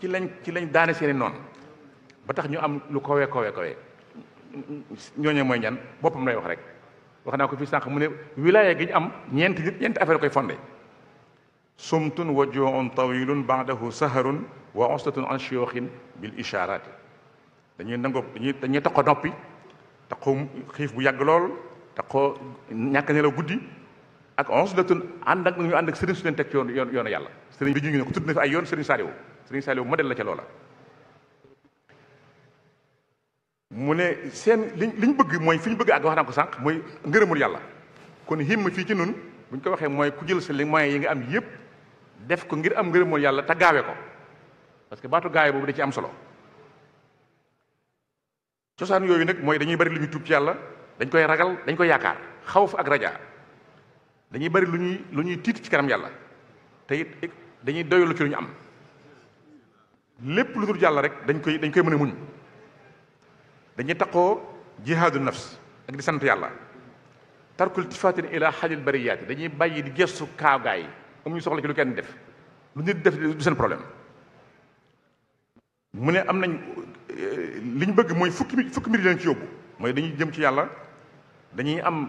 Speaker 1: تي لاني تي لاني داني سيني نون با تخ ньо ام لو كووي كووي كووي ньо ньо موي نيان بوبم لاي وخ رك وخ ناكو في سانخ مو ولايه غي ام نينت نيت نينت افير كوي فوندي سمت وجوع طويل بعده سهر وعصة عن شيوخ بالإشارات dañuy nangoo dañuy dañuy tax ko noppi tax ko xiif bu yàgg lool tax ko ñàkk nelaw guddi ak onze de tun ànd ak ñu ànd ak sëriñ su leen teg ci yoon yoonu yàlla sëriñ bi ñu ngi ne ko yoon sëriñ Saliou sëriñ Saliou modèle la loola mu ne seen liñ liñ bëgg mooy fi ñu bëgg ak wax naa ko sànq mooy ngërëmul yàlla kon ma fii ci nun buñ ñu ko waxee mooy ku jël sa li moyens yi nga am yëpp def ko ngir am ngërëmul yàlla te gaawee ko parce que baatu gaawee boobu da ci am solo cosaan yooyu nag mooy dañuy bari lu ñuy tuub ci yàlla dañ koy ragal dañ koy yaakaar xawf ak raja dañuy bari lu ñuy lu ñuy tiit ci kanam yàlla te it dañuy doylu ci lu ñu am lépp lu dul yàlla rek dañ koy dañ koy mën a muñ dañuy taqoo jihaadu nafs ak di sant yàlla tarkul tifatin ila xajil bariyaati dañuy bàyyi di gestu kaagaay ñu soxla ci lu kenn def lu nit def du seen problème mu ne am nañ li ñu bëgg mooy fukki fukki mbir leen ci yóbbu mooy dañuy jëm ci yàlla dañuy am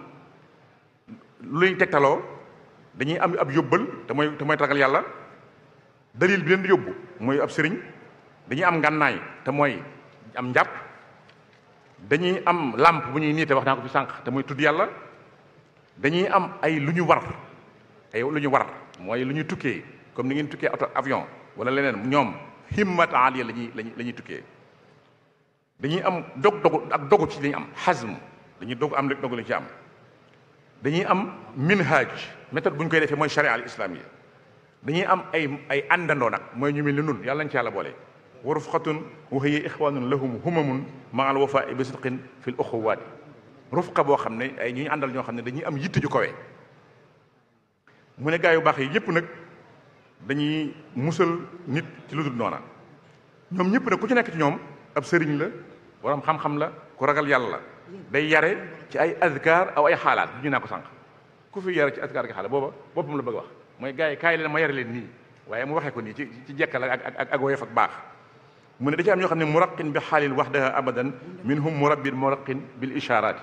Speaker 1: luy tegtaloo dañuy am ab yóbbal te mooy te mooy ragal yàlla dalil bi leen di yóbbu mooy ab sëriñ dañuy am ngànnaay te mooy am njàpp dañuy am làmp bu ñuy niite wax naa ko fi sànq te mooy tudd yàlla dañuy am ay lu ñu war ay lu ñu war mooy lu ñu tukkee comme ni ngeen tukkee oto avion wala leneen ñoom himmat aaliya lañuy la ñuy tukkee dañuy am dog dogu ak dogu ci lañu am xasm dañuy dogu am rek dogu lañ ci am dañuy am minhaj méthode bu koy defee mooy charia al islamiyya dañuy am ay ay àndandoo nag mooy ñu mel ni nun yàlla nañ ci yàlla boole wa rufqatun wa hiya ixwanun lahum humamun ma al wafaai bi sidqin fi l uxuwaati rufqa boo xam ne ay ñu ñu àndal ñoo xam ne dañuy am yitte ju kawee mu ne gaa yu baax yi yépp nag dañuy musal nit ci lu dul noona ñoom borom xam-xam la ku ragal yàlla day yare ci ay azkar aw ay halat ñu nako sank ku fi yare ci azkar ak halat booba bopum la bëgg wax moy gaay kay leen ma yare leen ni waye mu waxe ko ni ci ci jekkal ak ak ak woyof ak baax mu ne da ci am ño xamne muraqqin bi halil wahdaha abadan minhum murabbin muraqqin bil isharat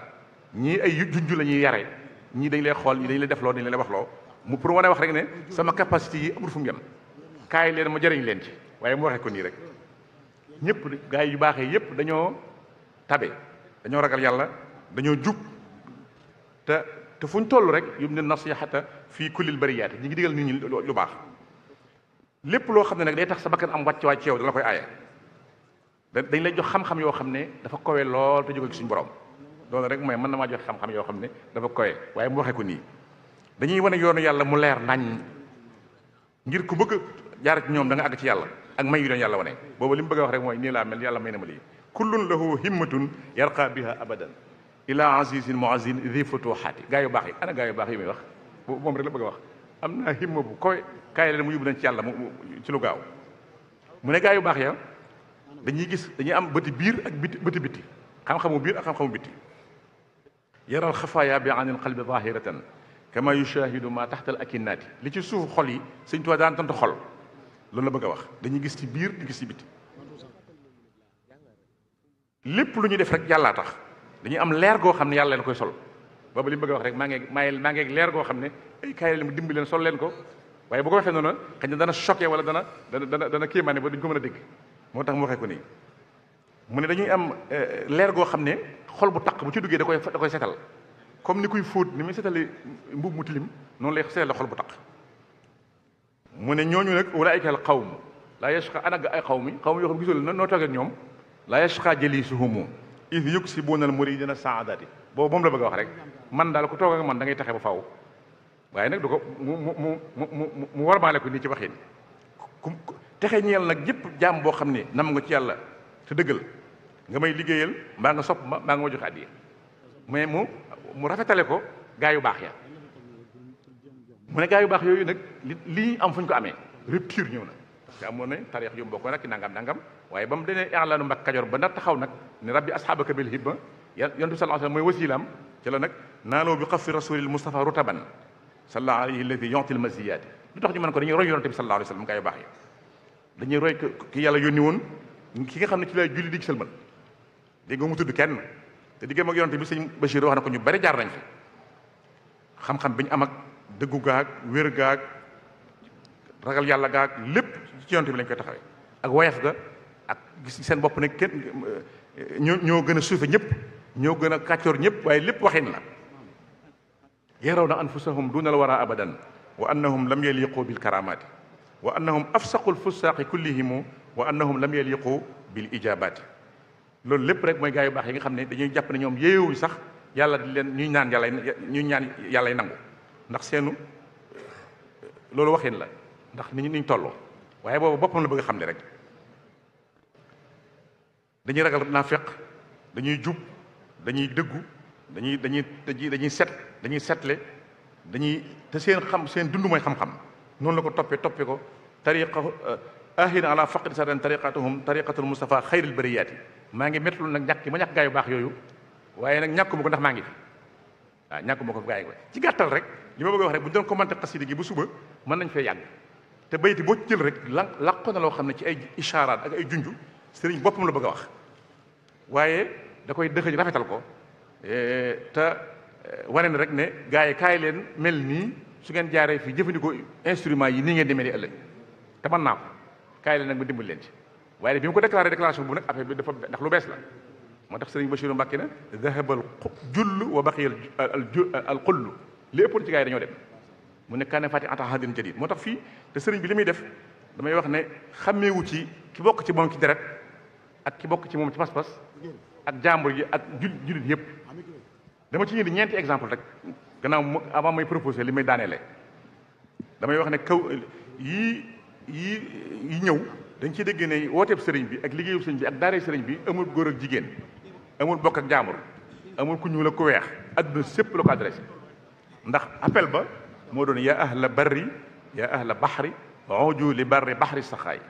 Speaker 1: ñi ay junj lañu yare ñi dañ lay xol dañ lay def lo dañ lay wax lo mu pour wone wax rek ne sama capacity yi amul fu mu kay leen ma jëriñ leen ci waye mu waxe ko ni rek ñëpp gaay yu baaxee yëpp dañoo tabe dañoo ragal yàlla dañoo jub te te fuñ toll rek yum ne nasihata fii kullil bariyaat ñi ngi digal nit ñi lu baax lépp loo xam ne nag day tax sa bakkan am wàcc wàcc yow dala koy aaye dañ lay jox xam yoo xam ne dafa kowe lool te jóge ci suñu borom loolu rek mooy mën na maa jox xam-xam yoo xam ne dafa kowe waaye mu waxee ko nii dañuy wane yoon yàlla mu leer nañ ngir ku bëgg jaar ci ñoom da nga àgg ci yàlla ak may yu doon yàlla wane boobu li mu bëgg a wax rek mooy nii laa mel yàlla may na ma lii كل له همة يرقى بها أبدا إلى عزيز معزين ذي فتوحات غاي باخي أنا غاي باخي مي واخ موم رك لا بغي واخ أمنا همة بو كوي كاي لن ميوب نتي الله تي لو غاو مو ني غاي باخ يا دا غيس دا أم بتي بير أك بتي بتي بتي خام خامو بير أك خام خامو بتي يرى الخفايا بعين القلب ظاهرة كما يشاهد ما تحت الأكنات لتشوف خلي سنتو دان تنت خل لون لا بغي واخ دا غيس تي بير دي غيس تي بتي lépp lu ñuy def rek yàllaa tax dañuy am leer goo xam ne yàlla leen koy sol boobu li mu wax rek maa ngi maa ngi leer goo xam ne ay kaay leen mu dimbi leen sol leen ko waaye bu ko waxee noonu xëy na dana choqué wala dana dana dana dana kéemaane ba duñ ko mën a dégg moo tax mu waxee nii mu ne dañuy am euh, leer goo xam ne xol bu taq bu ci duggee da koy da koy setal comme ni kuy fóot ni muy setale mbubb mu tilim noonu lay setale xol bu taq mu ne ñooñu nag wala ay kal xawm laa yashqa ana ay xaw mi xaw mi yoo xam gisul noo toogee ak ñoom la yashqa jalisuhum id yuksibuna al muridina saadati boobu moom la bëgg a wax rek man daal ku toog ak man da ngay taxe ba faw waaye nag du ko mu mu mu mu warmaale ko nii ci waxin ku texe ñeel nag yëpp jaam boo xam ne nam nga ci yàlla te dëggal nga may liggéeyal mbaa nga sopp ma mbaa nga ma joxe addiya mais mu mu rafetale ko gaa yu baax ya mu ne gaa yu baax yooyu nag li li am fu ko amee rupture ñëw na parce que amoon na tarix yu mbokk nag nangam nangam waaye ba mu demee i'laanu Mbàkke Kajoor ba na taxaw nag ne rabbi asxaabaka bil hibba yonent bi sallallahu alayhi wa sallam mooy wasilam ci la nag naaloo bi xaffi rasulil Mustafa rutaban sallallahu alayhi alladi yontil masiyaati lu tax ñu mën ko dañuy roy yonent bi sallallahu alayhi sallam gaa baax yi dañuy roy ki yàlla yónni woon ki nga xam ne ci lay julli di gisal dégg nga mu tudd kenn te diggam ak yonent bi sëñ Bachir wax na ko ñu bari jaar nañ fi xam-xam bi ñu am ak dëggu gaag wér gaag ragal yàlla gaag lépp ci yonent bi lañ koy taxawee ak wayaf ga ak gis seen bopp ne kenn ñoo ñoo gën a suufe ñëpp ñoo gën a kàccoor ñëpp waaye lépp waxin la yarawna anfusahum duna al wara abadan wa annahum lam yaliqu bil karamati wa annahum afsaqu lfusaqi kullihimu wa annahum lam yaliqu bil ijabati loolu lépp rek mooy gaa yu baax yi nga xam ne dañuy jàpp ne ñoom yeewuñ sax yàlla di leen ñuy ñaan yàllay ñuy ñaan yàllay nangu ndax seenu loolu waxin la ndax niñ niñ tolloo waaye boobu boppam la bëgg xam ne rek dañuy ragal naa feq dañuy jub dañuy dëggu dañuy dañuy dañuy set dañuy setle dañuy te seen xam seen dund mooy xam-xam noonu la ko toppee toppee ko tariqa eh, ahin ala faqdi sadan tariqatuhum tariqatul mustafa xayril bariyaati maa ngi méttul nag ñàkk ma ñàkk gaa yu baax yooyu waaye nag ñàkkuma ko ndax maa ngi fi waaw ñàkkuma ko gaa yi ko ci gàttal rek li ma bëgg wax rek bu ñu doon commenté xasida gi bu suba mën nañ fee yàgg te bayti boo ci jël rek la làqo loo xam ne ci ay ishaaraat ak ay junju sëriñ boppam la bëgg a wax waaye da koy dëxëñ rafetal ko eh, te eh, wane na rek ne gars yi kaay leen mel nii su ngeen jaaree fii jëfandikoo instrument yi nii ngeen di mel ëllëg taman naa ko kaay leen nag ma dimbal leen ci waaye mu ko déclaré déclaration bu nag affaire bi dafa ndax lu bees la moo tax sëriñ Bachirou Mbacke ne dahabal jullu wa al qullu li ëppoon ci gars dañoo dem mu ne kaane fati ata moo tax fii te sëriñ bi li muy def damay wax ne xàmmeewu ci ki bokk ci moom ci deret ak ki bokk ci moom ci pas-pas ak jàmbur yi ak jul jullit yëpp dama ci indi ñeenti exemple rek gannaaw avant proposé li may daaneele damay wax ne kaw yii yii yi ñëw dañ ciy dégg ne wooteeb sëriñ bi ak liggéeyu sëriñ bi ak daaree sëriñ bi amul góor ak jigéen amul bokk ak jàmbur amul ku ñuul ak ku weex adduna sépp la ko adressé ndax appel ba moo doon yaa ahla barri yaa ahla baxri ojo li barri baxri saxaay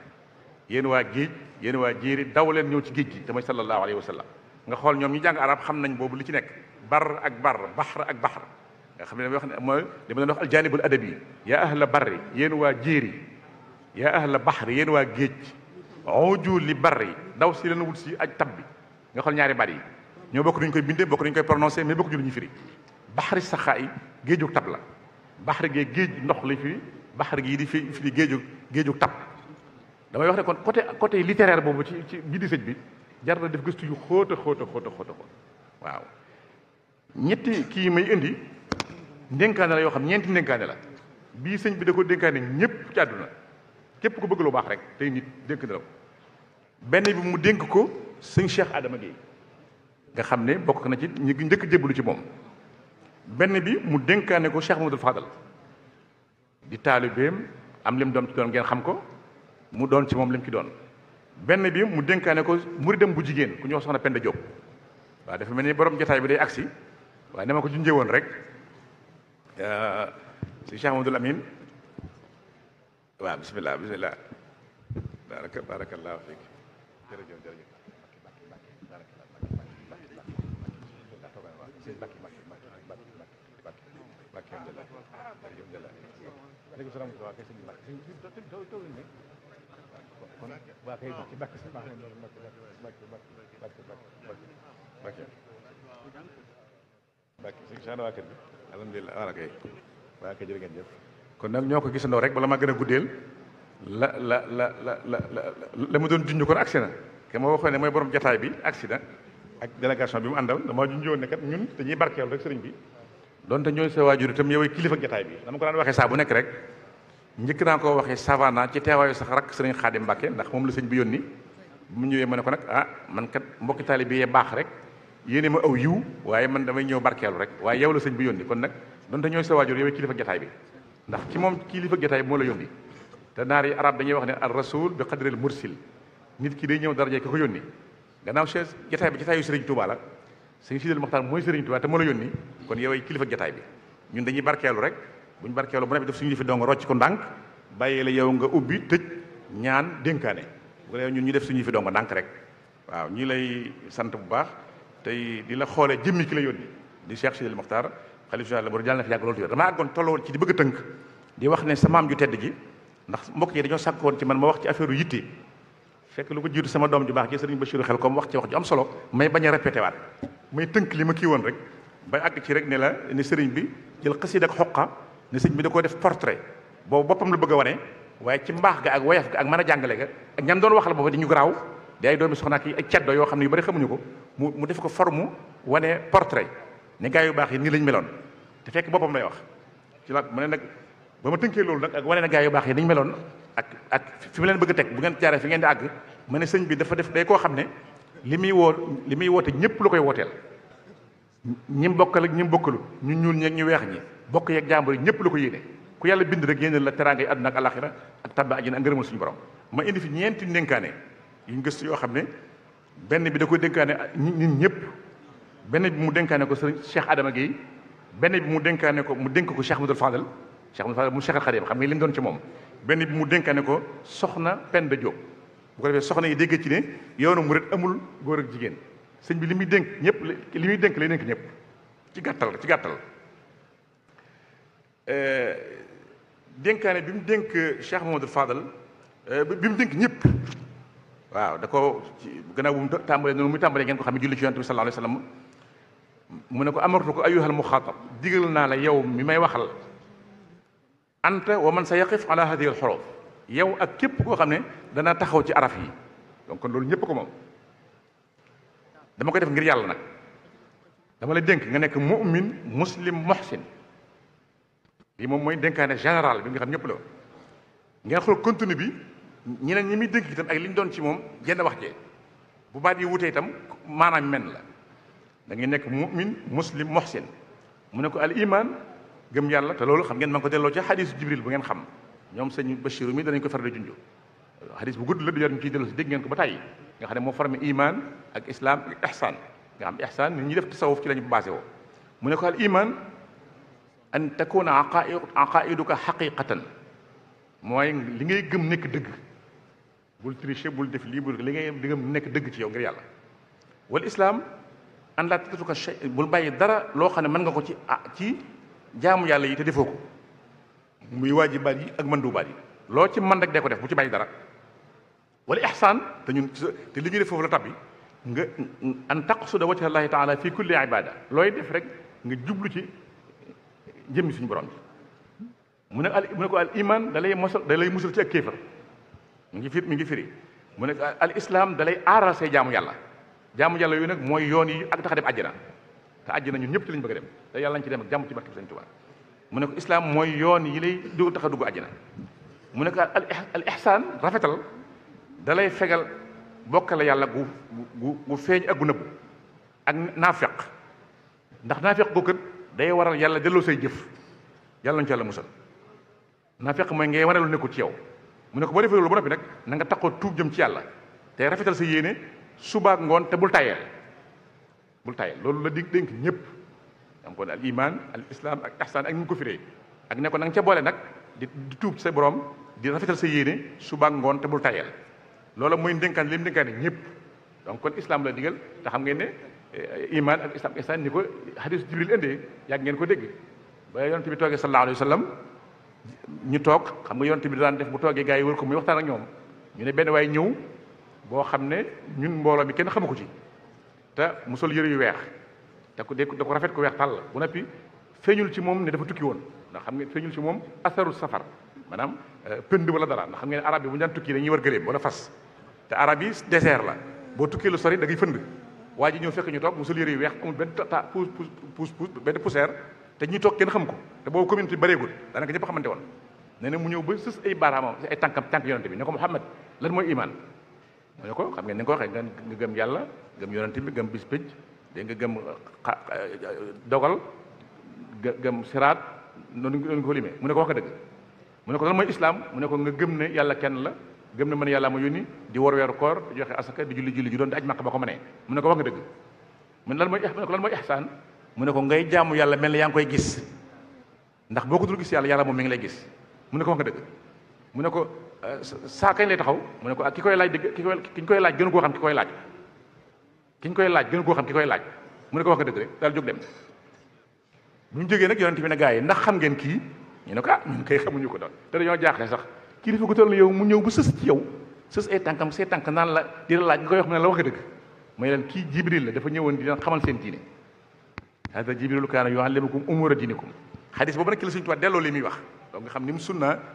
Speaker 1: yéen waa géej yéen waa jéeri daw leen ñëw ci géej gi te mooy sallallahu alayhi wa sallam nga xool ñoom ñi jàng arab xam nañ boobu li ci nekk bar ak bar baxar ak baxar nga xam ne damay wax ne mooy li ma doon wax aljanibul adabi yaa ahla barri yéen waa jéeri yaa ahla baxri yéen waa géej oju li barri daw si leen wut si aj tab bi nga xool ñaari bar yi ñoo bokk nañu koy bindee bokk nañu koy prononcé mais bokk ñu ñu firi baxari saxaa yi géejug tab la baxari gee géej ndox la firi baxari gii di fi firi géejug géejug tab damay wax ne kon côté côté littéraire boobu ci ci bii di sëñ bi jar na def gëstu yu xóot a xóot a xóot a xóot waaw ñetti kii may indi ndénkaane la yoo xam ñeenti ndénkaane la bii sëñ bi da ko dénkaane ñëpp ci àdduna képp ku bëgg lu baax rek tey nit dénk na la ko benn bi mu dénk ko sëñ Cheikh Adama Guèye nga xam ne bokk na ci ñi njëkk jébbalu ci moom benn bi mu dénkaane ko Cheikh Mamadou Fadal di taalibeem am lim doom ci doon ngeen xam ko mu doon ci moom lim ci doon benn bi mu dénkaane ko muridam bu jigéen ku ñoo soxna Penda job. waaw dafa mel ni borom jotaay bi day aksi waaye dama ko junjee woon rek euh, si Cheikh Amadou Amin waaw bismillah bismillah baraka barakallahu fiik jërëjëf jërëjëf Thank you. kon baax nañ loolu bàkki bàkki bàkki bàkki bàkki bàkki bàkki si saan waa kër kon nag ñoo ko gisandoo rek bala maa gën a guddeel la la la la la la mu doon junj kon agsi na ke ma waxoon ne mooy borom jataay bi agsi na ak délégation bi mu àndal dama junjoon ne kat ñun dañuy barkeelu rek sëriñ bi donte ñooy sa waajur itam yow kilifa jataay bi dama ko daan waxee saa bu nekk rek njëkk naa koo waxee savana ci teewaayu sax rak sëriñ Xaadim Mbàkke ndax moom la sëñ bi yónni mu ñëwee ma ne ko nag ah man kat mbokki taalibe yee baax rek yéene ma aw yiw waaye man damay ñëw barkeelu rek waaye yow la sëñ bi yónni kon nag donte ñooy sa waajur yow kilifa jataay bi ndax ci moom kilifa jataay bi moo la yónni te naar yi arab dañuy wax ne ar rasul bi qadril mursil nit ki day ñëw daraje ko ko yónni gannaaw se jataay bi jataayu sëriñ Touba la sëñ Sidil Moxtaar mooy sëriñ Touba te moo la yónni kon yow kilifa jataay bi ñun dañuy barkeelu rek buñ barkeeloo bu ne def suñu yëfi dong rocc ko ndànk bàyyee la yow nga ubbi tëj ñaan dénkaane bu ko defee ñun ñu def suñu fi dong ndànk rek waaw ñi lay sant bu baax tey di la xoolee jëmmi ki la yónni di Cheikh Sidil Mokhtar xalif général la bor jàll na fi yàgg loolu bëgg tënk di ne sa maam ju tedd ji yi dañoo sàkkoon ci man ma wax ci affaire yu yitte fekk lu doom ju baax ji sëriñ Bachirou xel comme wax wax ju am solo may bañ a répété waat may tënk li ma kii woon rek bay àgg ci rek ne la ne sëriñ bi jël xasiid ak xoqa ne señ bi da ko def portrait boobu boppam la bëgg a wane waaye ci mbaax ga ak woyaf ga ak mën a jàngale ga ak ñam doon waxal booba di ñu garaaw di ay doomi soxna ak ay ceddo yoo xam ne yu bari xamuñu ko mu mu def ko forme wane portrait ne gaa yu baax yi nii lañ meloon te fekk boppam lay wax ci la mu ne nag ba ma tënkee loolu nag ak wane na gaa yu baax yi niñ meloon ak ak fi mu leen bëgg a teg bu ngeen jaaree fi ngeen di àgg ma ne sëñ bi dafa def day koo xam ne li muy woo li muy woote ñëpp la koy wooteel ñim bokkal ak ñim bokkalu ñu ñuul ñeeg ñu weex ñi bokk yeeg jàmbur yi ñëpp la ko yéene ku yàlla bind rek yéene la teraanga yi àdduna ak alaxira ak tabba ajjana ak ngërëmal suñu borom ma indi fi ñeenti ndénkaane yuñ gëstu yoo xam ne benn bi da koy dénkaane nit ñëpp benn bi mu dénkaane ko sëriñ Cheikh Adama Guèye benn bi mu dénkaane ko mu dénk ko Cheikh Moudou Fadal Cheikh Moudou Fadal mu Cheikh al Khadim xam nga li mu ci moom benn bi mu dénkaane ko soxna Penda Diop bu ko defee soxna yi dégg ci ne yoonu murit amul góor ak jigéen sëñ bi li muy dénk ñëpp li muy dénk lay dénk ñëpp ci gàttal ci gàttal Euh, dénkaane bi mu dénk Cheikh Mamadou Fadal euh, bi mu dénk ñépp waaw da ko gannaaw bu mu tàmbalee noonu muy tàmbalee ngeen ko xam ne julli ci yonent bi sallallahu alayhi wa sallam mu ne ko amartu ko ayyuhal muxaatab digal naa la yow mu may waxal anta wa man sa yaqif ala hadihi al yow ak képp koo xam ne dana taxaw ci araf yi donc kon loolu ñëpp ko moom dama koy def ngir yàlla nag dama la dénk nga nekk mu'min muslim muhsin bi mom moy dénkaane général bi nga xam ñëpp la nga xol contenu bi ñeneen ñi mi dénk itam ak liñ doon ci mom genn wax jee bu baat yi wuté itam manam men la da ngay nek mumin muslim muhsin mu ne ko al iman gëm yalla te loolu xam ngeen ma ko delloo ci hadith jibril bu ngeen xam ñom sëñ bashir mi dañ ko faral di hadith bu gudd la du jar ñu ci delloo ci dégg ngeen ko ba tay nga xam ne moo formé iman ak islam ak ihsan nga am ihsan ñi def tasawuf ci lañu basé wo mu ne ko al iman an takuna aqaiduka xaqiqatan mooy li ngay gëm nekk dëgg bul tricher bul def lii bul li ngay gëm nekk dëgg ci yow ngir yàlla wal islaam an laa tatruka shay bul bàyyi dara loo xam ne mën nga ko ci ah ci jaamu yàlla yi te defoo ko muy waajibaat yi ak mandubaat yi loo ci man rek dee ko def bu ci bàyyi dara wala ihsaan te ñun te li ñuy def foofu la tabbi nga an taqsuda wajha llahi taala fi kulli ibada looy def rek nga jublu ci jëmmi suñu borom mu ne al mu ne ko al iman dalay musul dalay musul ci ak kéefar mi ngi fit mu ngi firi mu ne al islam dalay aral aaral say jaamu yalla jaamu yalla yu nak moy yoon yi ak tax dem àjjana ñun ñepp ci lañ bëgg dem da yalla lañ ci dem ak jaamu ci barke bi Sëñ mu ne ko islam moy yoon yi lay du tax a dugg mu ne ko al al ihsan rafetal dalay fegal bokkale yalla gu gu feñ ak gu nëbbu ak nafiq ndax naafeq googu day waral yàlla delloo say jëf yàlla nañu ci yàlla musal naa mooy ngay wane lu nekkul ci yow mu ne ko boo defee loolu nag na nga taxaw tuub jëm ci yàlla te rafetal sa yéene suba ngoon te bul tayeel bul loolu la digg dénk ñëpp am kon al iman al islam ak ihsan ak ñu ko firee ak ne ko na boole nag di tuub sa borom di rafetal sa yéene suba ak ngoon te bul tayeel loolu mooy ndénkaan li mu ndénkaan ñëpp donc kon islam la digal te xam ngeen Eh, iman ak islam ak ihsan ni ko hadis jibril indee yàgg ngeen ko dégg ba yonent bi toogee sallallahu alayhi wa sallam ñu toog xam nga yonent bi daan def bu toogee gars yi wër ko muy waxtaan ak ñoom ñu ne benn waay ñëw boo xam ne ñun mbooloo mi kenn xamu ko ci te mu sol yëre yu weex te ku de da ko rafet ku weex tàll bu noppi feeñul ci moom ne dafa tukki woon ndax xam ngeen feeñul ci moom asaru safar maanaam eh, pënd wala dara ndax xam ngeen arab yi bu ñu daan tukki dañuy war gëléem wala fas te arab yi désert la boo tukkee lu sori da ngay fënd waji ji fekk ñu tok musul sol yére amul ben ta pousse pousse pousse ben pousser te ñi tok kenn xam ko te boobu communauté bareegul daanaka ñëpp xamante woon nee na mu ñew ba sës ay baaraamam ay tankam tank yonante bi ne ko Muhammad lan moy iman mu ne ko xam ngeen ni nga ko waxee nga gëm yalla gëm yonante bi gëm bis pénc dégg nga gëm dogal gëm sirat non ngi ko limé mu ne ko waxa nga dëgg mu ne ko lan moy islam mu ne ko nga gëm ne yalla kenn la gëm na man yàlla mu yoni di wor weeru koor di joxe asaka di julli julli ju doon di aj màkk ba ko mané mu ne ko wax nga dëgg mu ne lan mooy mu ne ko lan mooy ihsan mu ne ko ngay jaamu yàlla mel ne yaa ngi koy gis ndax boo ko dul gis yàlla yàlla moom mi ngi lay gis mu ne ko wax nga dëgg mu ne ko euh, saa kañ lay taxaw mu ne ko ak ah, ki koy laaj dëgg ki koy ki koy laaj gënu koo xam ki koy laaj ki koy laaj gënu koo xam ki koy laaj mu ne ko wax dëgg rek dal jóg dem bu ñu jógee nag yonent bi ne yi ndax xam ngeen kii ñu ne ko ah ñun kay xamuñu ko doon te dañoo jaaxle sax kilifa ko toll yow mu ñëw bu sës ci yow sës ay tànkam say tànk naan la di la laaj nga koy wax mu ne la waxee dëgg may leen kii jibril la dafa ñëwoon di leen xamal seen diine hada jibrilu kaana yuallimukum umura dinikum xadis boobu nag ki la suñu tubaab delloo li muy wax donc nga xam ni mu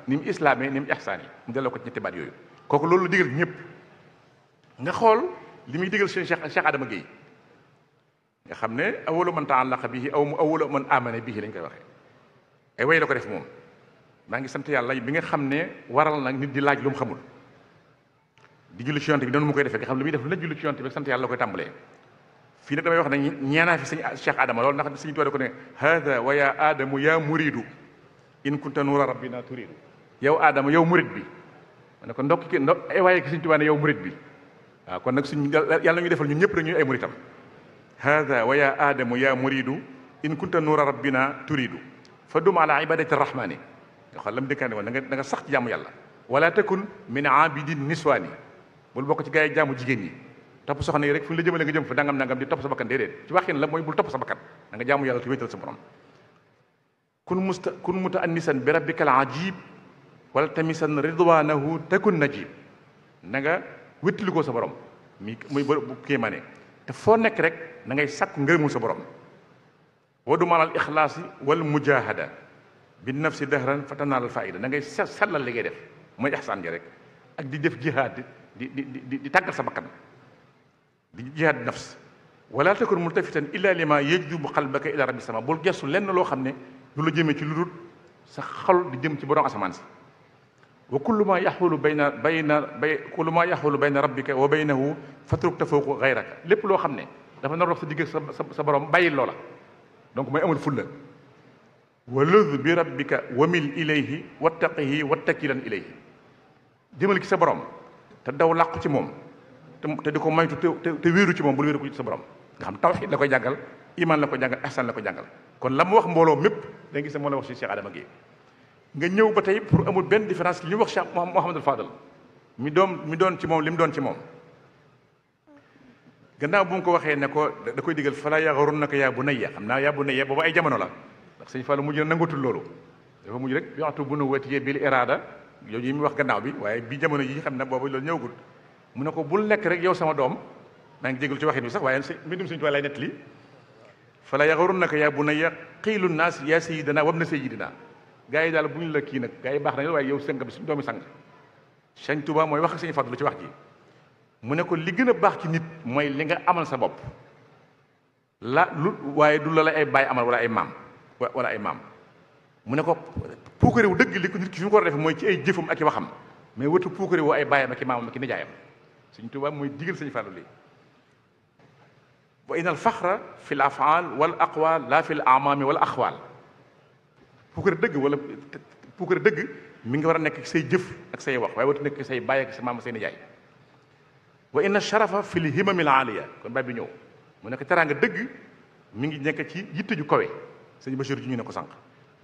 Speaker 1: ni mu islaamee ni mu ihsaan yi mu delloo ko ñetti baat yooyu kooku loolu digal ñëpp nga xool li muy digal seen Cheikh Cheikh Adama Gueye nga xam ne awalu man taallaqa bihi aw mu awalu man amana bihi lañ koy waxee ay ko def moom maa ngi sant yàlla bi nga xam ne waral nag nit di laaj lu mu xamul di julli ci bi noonu mu koy defee nga xam lu muy def lu la julli ci bi sant yàlla koy tàmbalee fii ne damay wax ne ñeena fi sëñ Cheikh Adama loolu ndax sëñ Tuubaa ko ne hada wa ya aadamu ya muridu in kunta nuura rabbina turidu yow aadama yow murid bi ma ne ko ndokk ki ndo waaye ki sëñ Tuubaa ne yow murid bi kon nag suñ yàlla ñu defal ñun ñëpp rek ñuy ay muritam hada wa ya aadamu ya muridu in kunta nuura rabbina turidu fa dum ala ibadati rahmani nga xam lam dëkkaane na nga na nga sax ci jaamu yàlla wala takun min abidin niswaani bul bokk ci gars yi jaamu jigéen ta topp soxna yi rek fu ñu la jëmale nga jëm fa nangam nangam di topp sa bakkan déedéet ci waxin la mooy bul topp sa bakkan da nga jaamu yàlla te wéetal sa borom kun musta kun muta annisan bi rabbikal ajib wala tamisan ridwanahu takun najib na nga wéttali ko sa borom mi muy bu kéemaane te foo nekk rek na ngay sàkku ngërëmul sa borom woo du maanaal ixlaas yi bi naf si dahran fatanaalal faida da ngay sellal li ngay def mooy ihsaan gi rek ak di def jihaad di di di di tàggal sa bakkan di jihaad nafs wala takun multafitan illa lima yajubu qalbaka ila rabbi sama bul gestu lenn loo xam ne lu la jëmee ci lu dul sa xol di jëm ci borom asamaan si wa kullu ma yaxulu bayna bayna bay kullu ma yaxulu bayna rabbika wa baynahu fatruk tafawuqu gayraka lépp loo xam ne dafa nar dox sa digg sa sa borom bàyyi loola donc mooy amul walud bi ka wa rabbika wamil ilayhi wattaqihi wattakilan ilayhi jëmal ci sa borom te daw làqu ci moom te di ko maytu te wéeru ci moom bul wéeru ko ci sa borom nga xam tawxid la koy jàngal iman la ko jàngal ihsan la ko jàngal kon la mu wax mbooloo mépp da nga gis moo la wax nga ñëw ba tey pour amul benn différence li mu wax Cheikh Mouhamadul Fadal mi doom mi doon ci moom li mu doon ci moom gannaaw bu mu ko waxee ne ko da koy digal fala yaxurun naka yaa bunayya xam naa yaa bunayya booba ay jamono la ndax sëñ Fallou mujj na nangatul loolu dafa mujj rek waxtu bu nu wëtiyee bil iraada yooyu yi mu wax gannaaw bi waaye bi jamono ji xam na boobu loolu ñëwagul mu ne ko bul lekk rek yow sama doom maa ngi jégalu ci waxin bi sax waaye mbindum sëñ Tuubaa lay nettali fala yaxurunnaka yaa bunayya qiilu naas yaa sayyidina wabna sayyidina gars yi daal bu ñu la kii nag gars baax nañu waaye yow sënk bi suñu doomi sang sëñ Tuubaa mooy wax ak sëñ Fallou ci wax ji mu ne ko li gën a baax ci nit mooy li nga amal sa bopp la lu waaye du la la ay baay amal wala ay maam wala ay maam mu ne ko puukare wu dëgg li ko nit ki fi ñu ko war a defee mooy ci ay jëfam ak i waxam mais wëtu puukare woo ay baayam ak i maamam ak i nijaayam Sëñ Tuubaa mooy digal Sëñ Fallu lii wa inal faxra fi l afaal wal aqwaal laa fi l amaami wala axwaal puukare dëgg wala puukare dëgg mi ngi war a nekk say jëf ak say wax waaye wëtu nekk say baay ak sa maam ak say nijaay wa inna sharafa fi l himami l aaliya kon baay bi ñëw mu nekk teraanga dëgg mi ngi nekk ci yitte ju kawe سيدي بشير جنين نكو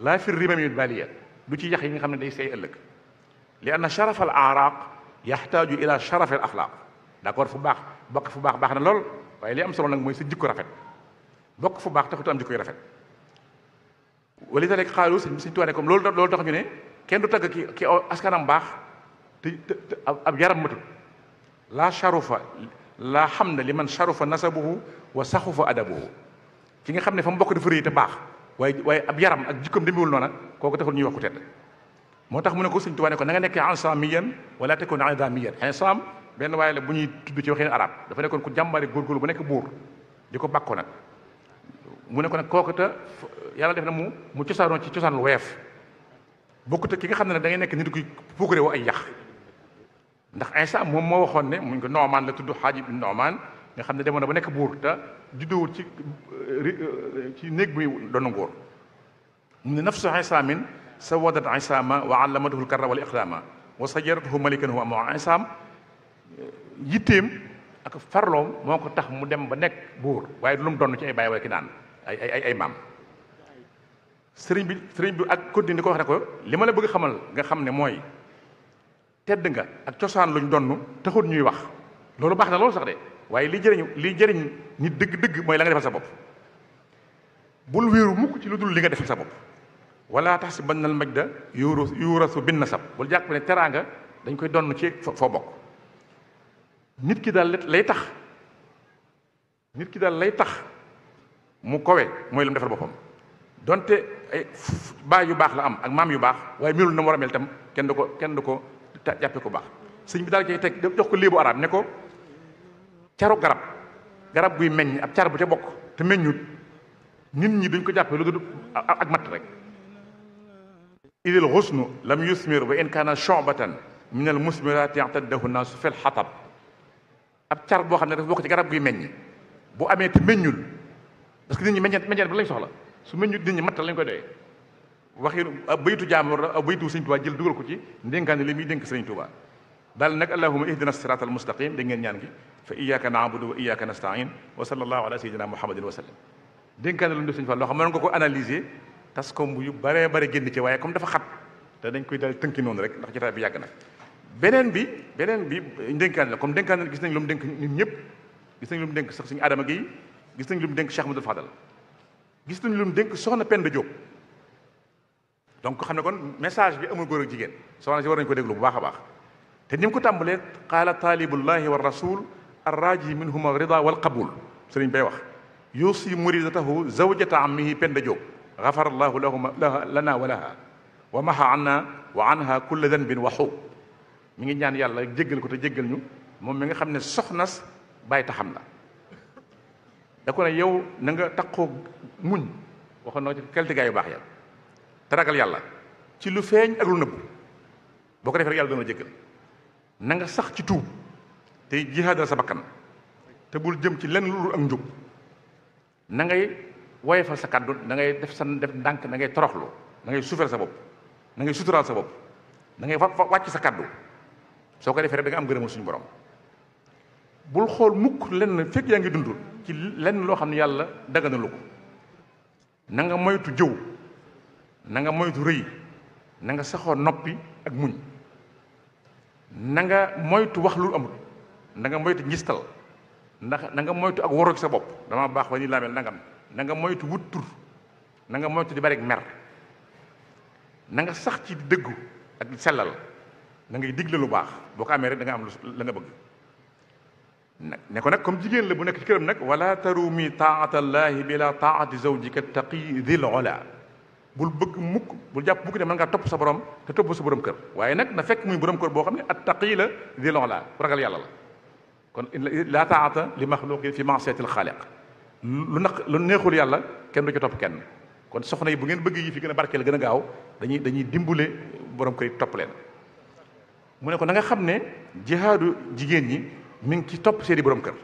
Speaker 1: لا في الرمم الباليه دو تي يخي ميغا خامني لان شرف الاعراق يحتاج الى شرف الاخلاق داكور في باخ بق في باخ باخنا لول واي لي ام سولو نك موي سي جيكو باخ تاخو تو ام ولذلك قالوا سيدي سي تواني كوم لول لول تاخ ني كين كي كي اسكانام باخ تي اب يارام متو لا شرف لا حمد لمن شرف نسبه وسخف ادبه كي خامني فام بوك دفري تباخ waaye waaye ab yaram ak jikkoom demewul noona kooku taxul ñuy wax ku moo tax mu ne ko Sëñ Tuubaa ne ko na nga nekkee ansam miyan wala tekkoon ansam miyan ansam benn waaye la bu ñuy tudd ci waxeen arab dafa nekkoon ku jàmbaare góorgóorlu bu nekk buur di ko bàkkoo nag mu ne ko nag kooku te yàlla def na mu mu cosaanoo ci cosaan lu weef bokkut ki nga xam ne da ngay nekk nit ku puukaree woo ay yax ndax instant moom moo waxoon ne mu ngi ko Noomaan la tudd Xaaji bi Noomaan nga xam ne demoon na ba nekk buur te juddoowul ci euh, ci néeg buy doon nguur mu ne nafsu isaamin sawadat isaama wa allamatuhu lkarra wal iqdama wa sajaratuhu malikan huwa moo isaam yitteem ak farloom moo ko tax mu dem ba nekk buur waaye lum lu mu donn ci ay bàyyi wala ki naan ay ay maam sëriñ bi sëriñ bi ak koddi ni ko wax ne ko li ma la bëgg xamal nga xam ne mooy tedd nga ak cosaan luñ donn taxul ñuy wax loolu baax na loolu sax de waaye li jëriñu li jëriñ nit dëgg-dëgg mooy la nga defal sa bopp bul wéeru mukk ci lu dul li nga def sa bopp wala tax si bañ nal maj da yuurasu yuurasu bin nasab bul jàpp ne teraanga dañ koy donn ci foo bokk ki daal tax nit ki daal lay tax mu kowe mooy lu boppam donte ay baay yu baax la am ak maam yu baax waaye melul na mu kenn du ko kenn du ko jàppe ko baax sëñ bi daal koy teg jox ko léebu arab ne ko caru garab garab guy meññ ab car bu ca bokk te meññut nit ñi duñ ko jàppee lu gën ak mat rek idil xusnu lam yusmir wa in kaana shobatan min al musmirati yataddahu naasu fil xatab ab car boo xam ne dafa bokk ci garab guy meññ bu amee te meññul parce que nit ñi meññeet meññeet bi lañ soxla su meññul nit ñi matt lañ koy doyee waxi baytu jaamur baytu sëñ Tuubaa jël dugal ko ci ndénkaane li muy sëñ Tuubaa daal nag allahuma ihdina siraat al mustaqim da ngeen ñaan gi fa iyyaka na'budu wa iyyaka nasta'in wa sallallahu ala sayyidina wa sallam dénkaane lu nga ko analyser tas ko mbuyu baree bare génn ci waaye comme dafa xat te dañ koy daal tënki noonu rek ndax jotaay bi yàgg na beneen bi beneen bi dénkaane la comme dénkaane gis nañ lu mu dénk ñun ñëpp gis nañ lu mu dénk sax suñu Adama Gueye gis nañ lu mu dénk Cheikh Amadou Fadal gis nañ lu mu dénk Soxna Penda Diop donc xam ne kon message bi amul góor jigéen soxna si war nañu ko déglu bu baax baax te ni mu ko tàmbalee qaala taalibullahi wa rasul arraaji minhuma rida wal qabul sëriñ bay wax yuusi muridatahu zawjata ammihi penda jóob gafara allahu lahuma lana wa laha wa maha anna wa anha kulla danbin wa xuub mi ngi ñaan yàlla jéggal ko te jéggal ñu moom mi nga xam ne soxnas bàyyi taxam la da ko ne yow na nga taqoo muñ waxoon na ci kelte gaa yu baax yàlla te ragal yàlla ci lu feeñ ak lu nëbb boo ko defee rek yàlla doon la jéggal na nga sax ci tuub tey jihaadal sa bakkan te bul jëm ci lenn lu ak njub na ngay woyefal sa kaddu na ngay def sa def ndànk na ngay toroxlu na ngay souffrir sa bopp na ngay sutural sa bopp na ngay wàcc sa kaddu soo ko defee rek nga am gërëmal suñu borom bul xool mukk lenn fekk yaa ngi dund ci lenn loo xam ne yàlla daganalu ko na nga moytu jëw na nga moytu rëy na nga saxoo noppi ak muñ na nga moytu wax lu amul na nga moytu ngistal ndax na nga moytu ak waroo sa bopp dama baax ba ni laa nangam na nga moytu wut tur na nga moytu di bari mer na nga sax ci dëggu ak sellal na ngay digle lu baax boo ko amee rek da nga am la nga bëgg ne ko nag comme jigéen la bu nekk ci këram nag wala tarumi taatallahi bila taati zawjika taqi dil ola bul bëgg mukk bul jàpp mukk ne mën ngaa topp sa borom te topp sa borom kër waaye nag na fekk muy borom kër boo xam ne attaqi la di lon la ragal yàlla la kon laa taata li maxluqin fi masiyatil xaaliq lu naq lu neexul yàlla kenn du ci topp kenn kon soxna yi bu ngeen bëgg yi fi gën a barkeel gën gaaw dañuy dañuy dimbule borom kër topp leen mu ne ko na nga xam ne jihaadu jigéen ñi mi ngi ci topp seeni borom kër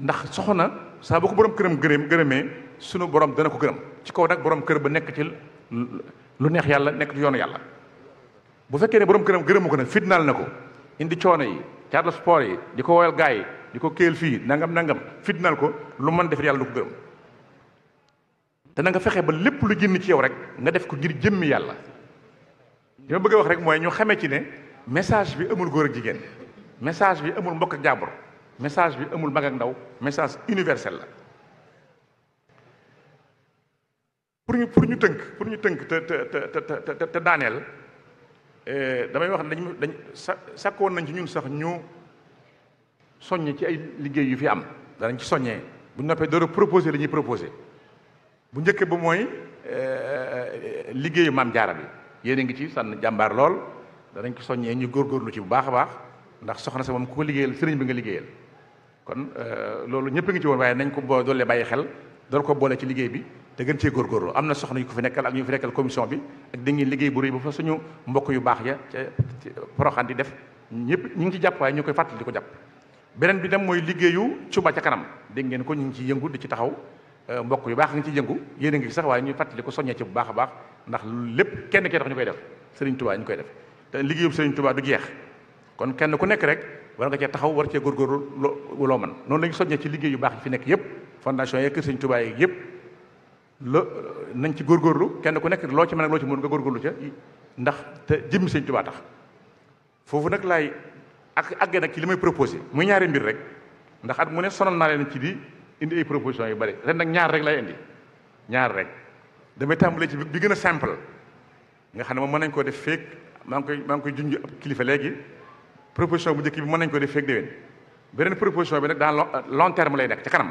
Speaker 1: ndax soxna saa bu ko borom këram gërëm gërëmee sunu borom dana ko gërëm ci kaw nag borom kër ba nekk ci lu neex yàlla nekk ci yoonu yàlla bu fekkee ne borom këram gërëmu ko nag fitnaal na ko indi coono yi caat la sport yi di ko woyal gaay yi di ko kéel fii nangam nangam fitnaal ko lu mën def yàlla du ko gërëm te na fexe ba lépp lu génn ci yow rek nga def ko ngir jëmmi yàlla li ma bëgg a wax rek mooy ñu xamee ci ne message bi amul góor a jigéen message bi amul mbokk ak jàmbur message bi amul mag ndaw message universel la pour ñu pour ñu tënk pour ñu tënk te te te te te daaneel eh, damay wax ne dañ dañ sa sakkoon nañ ci ñun sax ñu soññe ci ay liggéey yu fi am danañ ci soññee bu noppee door a proposé li ñuy proposé bu njëkk ba mooy eh, liggéeyu maam jaara bi yéen a ngi ci sànn jàmbaar lool danañ ko soññee ñu góorgóorlu ci bu baax a baax ndax soxna sa moom ku ko liggéeyal sëriñ bi nga liggéeyal kon eh, loolu ñëpp ngi ci woon waaye nañ ko boo doolee bàyyi xel dool ko boole ci liggéey bi te gën cee góorgóorlu am na soxna yu ko fi nekkal ak ñu fi nekkal commission bi ak da ngeen liggéey bu rëy bu fa suñu mbokk yu baax ya ca di def ñëpp ñu ngi ci jàpp waaye ñu koy fàttali ko jàpp beneen bi dem mooy liggéeyu Touba ca kanam dégg ngeen ko ñu ngi ci yëngu di ci taxaw euh, mbokk yu baax nga ci yëngu yéen a ngi sax waaye ñu fàttali ko soññee ci bu baax a baax ndax lépp kenn kee tax koy def Serigne Touba ñu koy def te liggéeyu Serigne Touba du jeex kon kenn ku nekk rek war nga cee taxaw war cee góorgóorlu loo man noonu la ñu soññee ci liggéey yu baax yi fi nekk yëpp fondation yeeg Serigne Touba yëpp lo nañ ci góorgóorlu kenn ku nekk loo ci mën ak loo ci mën nga góorgóorlu ca ndax te jëmmi sëñ Tuubaa tax foofu nag lay ak àggee nag ci li may proposé mu ñaari mbir rek ndax at mu ne sonal naa leen ci di indi ay proposition yu bari ren nag ñaar rek lay indi ñaar rek damay tàmbalee ci bi gën a simple nga xam ne mën nañ koo def feek maa koy maa ngi koy junj ab kilifa léegi proposition bu njëkk bi mën nañ ko def feek beneen proposition bi nag dans long terme lay nekk ci kanam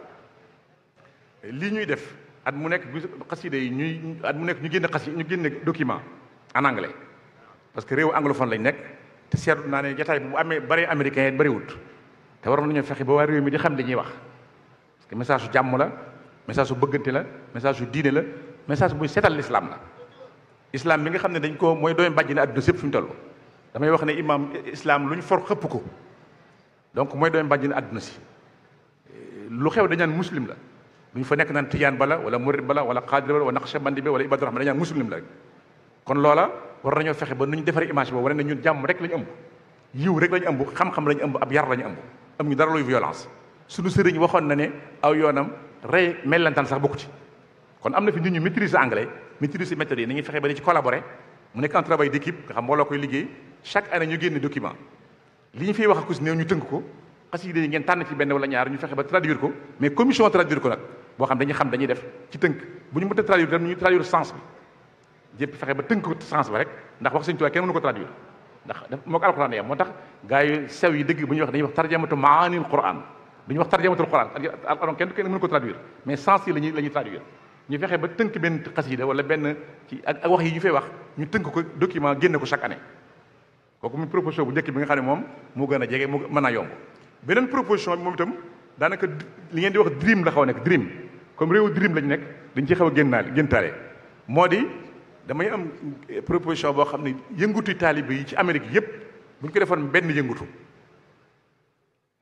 Speaker 1: lii ñuy def at mu nekk xasida yi ñuy at mu nekk ñu génne xas ñu génne document en anglais parce que réew anglophone lañ nekk te seetlu naa ne jataay bu amee bari américain yi bariwut te waroon nañu fexe ba waa réew mi di xam li ñuy wax parce que message su jàmm la message su bëggante la message su diine la message buy setal l'islam la islam bi nga xam ne dañ ko mooy doomu bàjj na àdduna sépp fu ñu toll damay wax ne imam islaam lu ñu for xëpp ko donc mooy doomu bàjj na àdduna si lu xew dañaan muslim la duñ fa nekk naan tijaan bala wala murid bala wala xaadir bala wala naqshabandi bi wala ibadu rahman dañaan muslim la rek kon loola war nañoo fexe ba nuñ defaree image boobu wane ne ñun jàmm rek lañu ëmb yiw yar lañu ëmb am ñu waxoon na ne aw yoonam rey mellantaan sax bokku ci kon na fi nit ñu maîtriser anglais maîtriser méthode yi fexe ba di ci collaborer mu koy liggéey chaque année ñu génne document li ñu fiy wax ñu ko fexe ba traduire ko mais commission traduire ko nag boo xam dañuy xam dañuy def ci tënk bu ñu mënta traduire tam ñu traduire sens bi jépp fexe ba tënk ko sens ba rek ndax wax Sëñ Tuubaa kenn mënu ko traduire moo ko alxuraan yam yi dëgg bu ñuy wax dañuy wax tarjamatu maanil quran wax tarjamatul quran alxuraan kenn kenn mënu ko traduire mais sens yi lañuy la ñu fexe ba tënk benn xasida wala benn ci ak wax yi ñu fay wax ñu tënk ko document génne ko chaque anne kooku mu proposition bu njëkk bi nga xam ne moom moo gën a jege mu mën a yomb beneen proposition moom itam daanaka li ngeen di wax dream la xaw nekk dream comme réewu dirim lañ nekk dañ ci xaw a génnaale géntaale moo di damay am proposition boo xam ne yëngutu taalibe yi ci Amérique yëpp bu ñu ko defoon benn yëngutu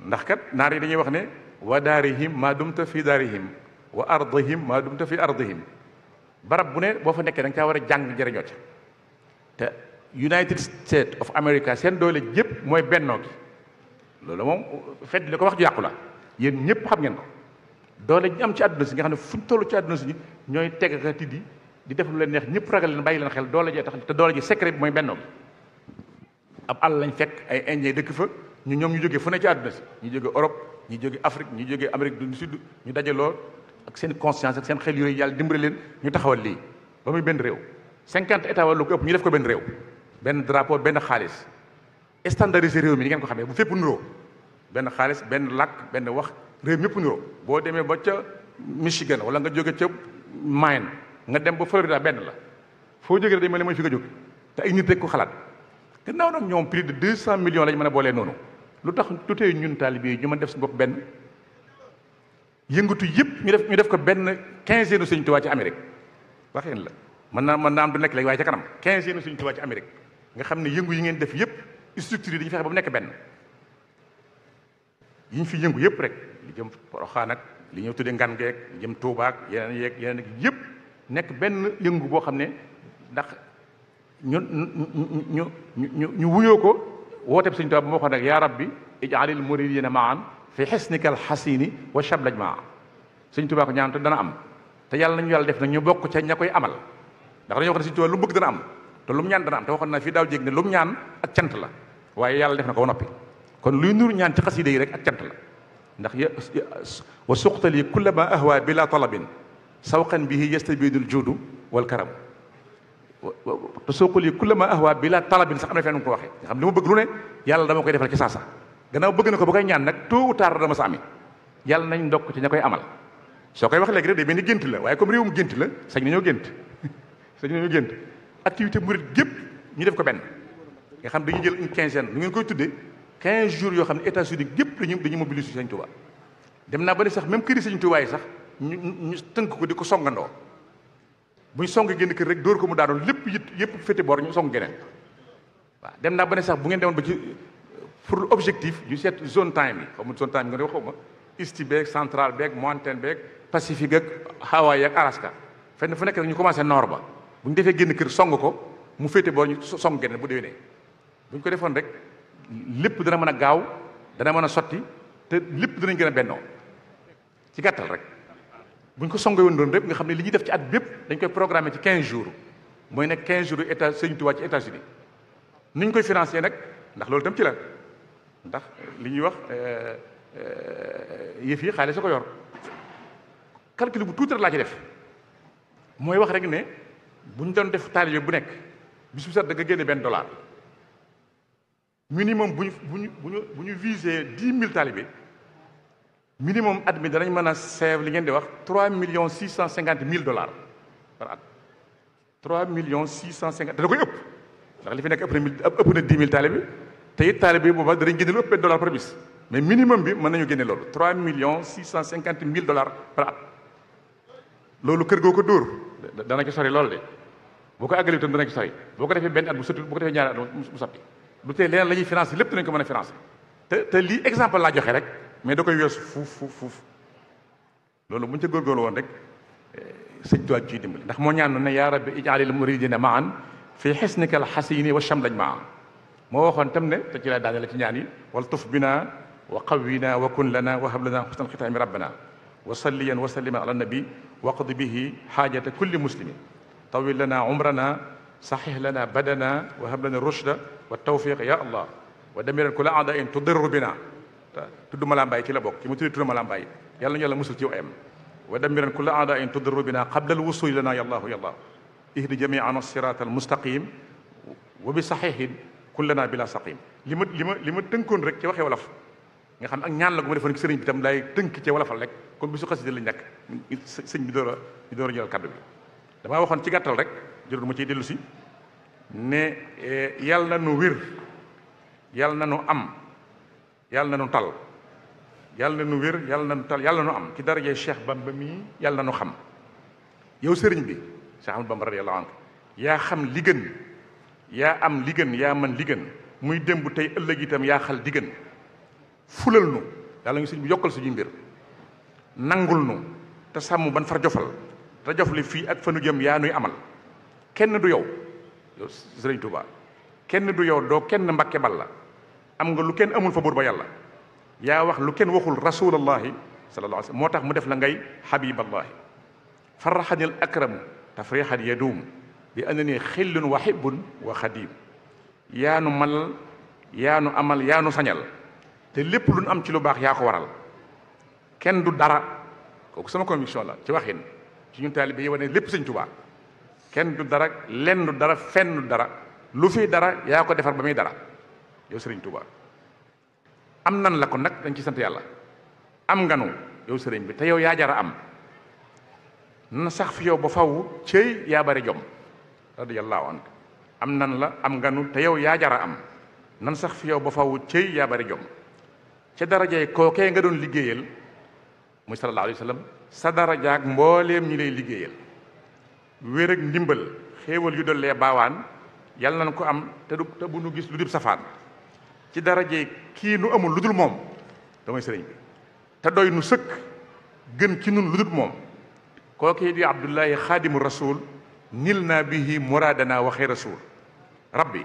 Speaker 1: ndax kat naar yi dañuy wax ne wa daarihim maa dumta fi daarihim wa ardihim maa dumta fi ardihim barab bu ne boo fa nekkee da nga war a jàng jëriñoo ca te United States of America seen doole yëpp mooy bennoo gi loolu moom fedd li ko wax ju yàqu la yéen ñëpp xam ngeen ko doole ñu am ci àdduna si nga xam ne fu ñu toll ci àdduna si ñooy teg ak tiddi di def lu leen neex ñëpp ragal leen bay leen xel doole jee tax te doole ji secret bi mooy bennoo bi lañ fekk ay indien dëkk fa ñu ñoom ñu jógee fu ne ci àdduna si ñu jógee Europe ñu jógee Afrique ñu jógee Amérique du Sud ñu dajaloo ak seen conscience ak seen xel yooyu yàlla dimbali leen ñu taxawal lii ba muy benn réew cinquante état wala lu ko ëpp ñu def ko benn réew benn drapeau benn xaalis standardisé réew mi ngeen ko xamee bu fépp nuroo benn xaalis benn làkk benn wax réew mépp niroo boo demee ba ca Michigan wala nga jóge ca Maine nga dem ba Florida benn la foo jógee day mel ni mooy fi nga jóge te ay nit ko xalaat gannaaw nag ñoom prix de deux cent millions lañ mën a boolee noonu lu tax tutee ñun taalibe yi ñu mën def suñu bopp benn yëngatu yëpp ñu def ñu def ko benn quinzaine Sëñ Tuubaa ci Amérique waxeen la mën naa mën naa am nekk léegi waaye ca kanam quinzaine Sëñ Tuubaa ci Amérique nga xam ne yëngu yi ngeen def yëpp structure yi dañu fexe ba mu nekk benn yi ñu fi yëngu yëpp rek li jëm Poroxaan ak li ñëw tuddee ngan geek li jëm Tuuba ak yeneen yeeg yeneen yëpp nekk benn yëngu boo xam ne ndax ñu ñu ñu ñu wuyoo ko wooteeb Sëñ Tuubaa bu moo xam nag yaa rabbi ijaalil muridiina maan fi xisnikal xasini wa shablaj maa Sëñ Tuubaa ko ñaan te dana am te yàlla nañu yàlla def nag ñu bokk ca ña koy amal ndax dañoo wax ne Sëñ Tuubaa lu mu bëgg dana am te lu mu ñaan dana am te waxoon naa fii daaw jéeg ne lu mu ñaan ak cant la waaye yàlla def na ko ba noppi kon luy nuru ñaan ci xasida yi rek ak cant la ndax ya- ya- wa suqtali kulla ma ahwa bila talabin sawqan bihi yastabidul judu wal karam te suqali kulla ma ahwa bila talabin sax amna fenn ko waxe xam li mu bëgg lu ne yalla dama koy defal ci sasa gannaaw bëgg na ko koy ñaan nak tu ou dama sami yalla nañ ndokk ci ñakoy amal so koy wax léegi rek day mel ni la waye comme rewum gënt la sañ nañoo gént [laughs] sañ nañoo gënt activité murit gep ñu def ko ben nga xam dañu jël une quinzaine ngeen koy tuddé 15 jours yoo xam ne États-Unis gépp dañu dañu mobiliser Sëñ dem naa ba ne sax même këri Sëñ Tuubaa yi sax ñu ñu tënk ko di ko songandoo buñ song génn kër rek dóor ko mu daanoon lépp it yëpp féete boor ñu song geneen waaw dem naa ba ne sax bu ngeen demoon ba ci euh, pour objectif ñu set zone time yi xaw ma zone time nga ne waxoo ma isti beeg central beeg mountain beeg pacifique ak Hawaii ak Alaska fenn fu nekk rek ñu commencé nord ba bu ñu defee génn kër song ko mu féete boor ñu song geneen bu déwénee bu buñ ko defoon rek lépp dana mën a gaaw dana mën a sotti te lépp danañ gën a bennoo ci gàttal rek buñ ko songee woon doon rek nga xam ne li ñuy def ci at bépp dañ koy programmer ci 15 jours mooy nekk 15 jours état sëñ Tuubaa ci États-Unis ni koy financé nag ndax loolu tam ci la ndax li ñuy wax euh, euh, yëf yi xaalis sa ko yor calcul bu tuuti laa ci def mooy wax rek ne bu ñu doon def taalibe bu nekk bis bu set da nga génne benn dollar. minimum vous buñ viser 10 000 talibans, minimum admi dañu mëna sève 3 millions 650 000 dollars 3 millions 650 da ko ëpp ndax li fi nek 10 000 talibans. tayit talibé bobu dañu gënal ëpp de la bis mais minimum vous avez ñu gënë lolu 3 millions 650 000 dollars par at lolu kër goko door da na ci sori lolu de bu ko agalé tam da na ci sori bu ko du tee leneen la ñuy financé lépp dinañ ko mën a financé te te lii exemple laa joxe rek mais da koy weesu fuuf fuuf fuuf loolu bu ñu ca góorgóorlu woon rek eh, sëñ tuwaat ciy dimbali ndax moo ñaan ne yaa rabbi ijaalil muridina maan fii xisnika al xasini wa chamlañ maan moo waxoon tam ne te ci laa daane la ci ñaan yi wal tuf bina wa qawwina wa kun lana wa hab lana xusnal xitaami rabbana wa salliyan wa salliman ala nabi waqdi bihi xaajata kulli muslimin tawil lana umrana صحيح لنا بدنا وهب لنا الرشد والتوفيق يا الله ودمر كل اعداء تضر بنا tudd ملام باي ci la bokk ci mu tudd tudd malaam baay yàlla ñu yàlla musul ci ayam wa damiran kulla aada'in tudru bina qabla alwusul lana ya allah ya allah ihdi jami'ana as-sirata al-mustaqim wa bi sahihin kullana bila saqim li ma li nga xam ak ñaan la ko ma defoon ci sëriñ bi tam lay tënk ci wolofal rek kon bisu xasida la ñak sëñ bi doora ñu doora jël kaddu bi dama waxon ci gàttal rek jërul ma ciy dellu si ne eh, yàlla na nu wér yàlla na nu am yàlla na nu tal yàlla na nu wér yàlla na nu tal yàlla na nu am ci darajee Cheikh ba mii yàlla na nu xam yow sëriñ bi Cheikh Ahmadou Bamba radiyallahu anhu yaa xam li yaa am li gën man li gën muy démb tey ëllëg itam yaa xal di fulal nu yàlla ngi sëriñ bi yokkal si mbir nangul nu te sàmm ban far jofal te jofli fii ak fa jëm yaa nuy amal kenn du yow sëriñ tuba kenn du yow doo kenn mbakke bal la am nga lu kenn amul fa buur ba yàlla yaa wax lu kenn waxul rasulallahi sallallahu alayhi moo tax mu def la ngay habiballahi farraxani al akramu tafrixan yaduum bi ye xillun wa hibbun wa xadim yaa nu malal yaa nu amal yaa nu sañal te lépp lu am ci lu baax yaa ko waral kenn du dara kooku sama conviction la ci waxin ci ñun taalibe yi wane lépp sëñ Touba kenn du dara lenn du dara fenn du dara lu fi dara yaa ko defar ba muy dara yow sëriñ Touba am nan la ko nag dañ ci sant yàlla am nganu yow sëriñ bi te yow yaa jara am na sax fi yow ba faw cëy yaa jom radiyallahu anhu am nan la am nganu yow yaa jara am nan sax fi yow ba faw cëy yaa bari jom ca darajay kookee nga doon liggéeyal muy sallallahu alayhi wa sa dara darajaak mbooleem ñi lay liggéeyal wér ak ndimbal xéewal yu dollee baawaan yàlla nañ ko am te du bu nu gis lu dib safaan ci daraje kii nu amul lu dul moom damay sëriñ bi te doy nu sëkk gën ci nun lu dul moom kooku di abdullahi xaadimu rasul nil naa bihi muraadana waxee rasul rabbi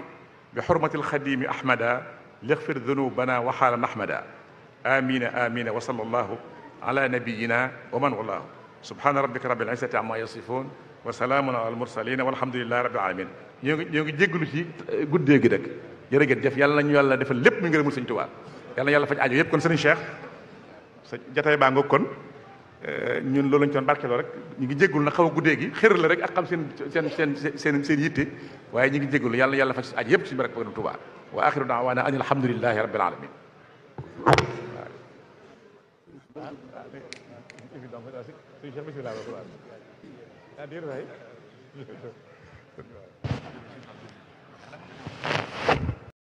Speaker 1: bi xurmatil xadimi ahmada lixfir wa waxaalan ahmada amina amina wa sallallahu ala nabiyina wa man wallahu subhana rabbika rabbil izzati amma yasifun wa salaamun alal mursaliin walhamdulillahi rabbil alamin ñoo ngi ci eh, guddee gi rek jërë ngeen jëf yàlla nañu yàlla defal lépp mu ngërëmul sëñ Tuubaa yàlla na yàlla faj aajo yëpp kon sëriñ sa jataay baa kon eh, ñun loolu lañ doon barkeeloo rek ñu ngi jéggul na xaw a gi rek ak xam seen seen seen seen waaye ñu ngi jéggul yàlla yàlla faj aajo yëpp suñu barke borom Tuubaa wa axiru daawaana an alhamdulillahi rabbil alamin Dear right. [laughs]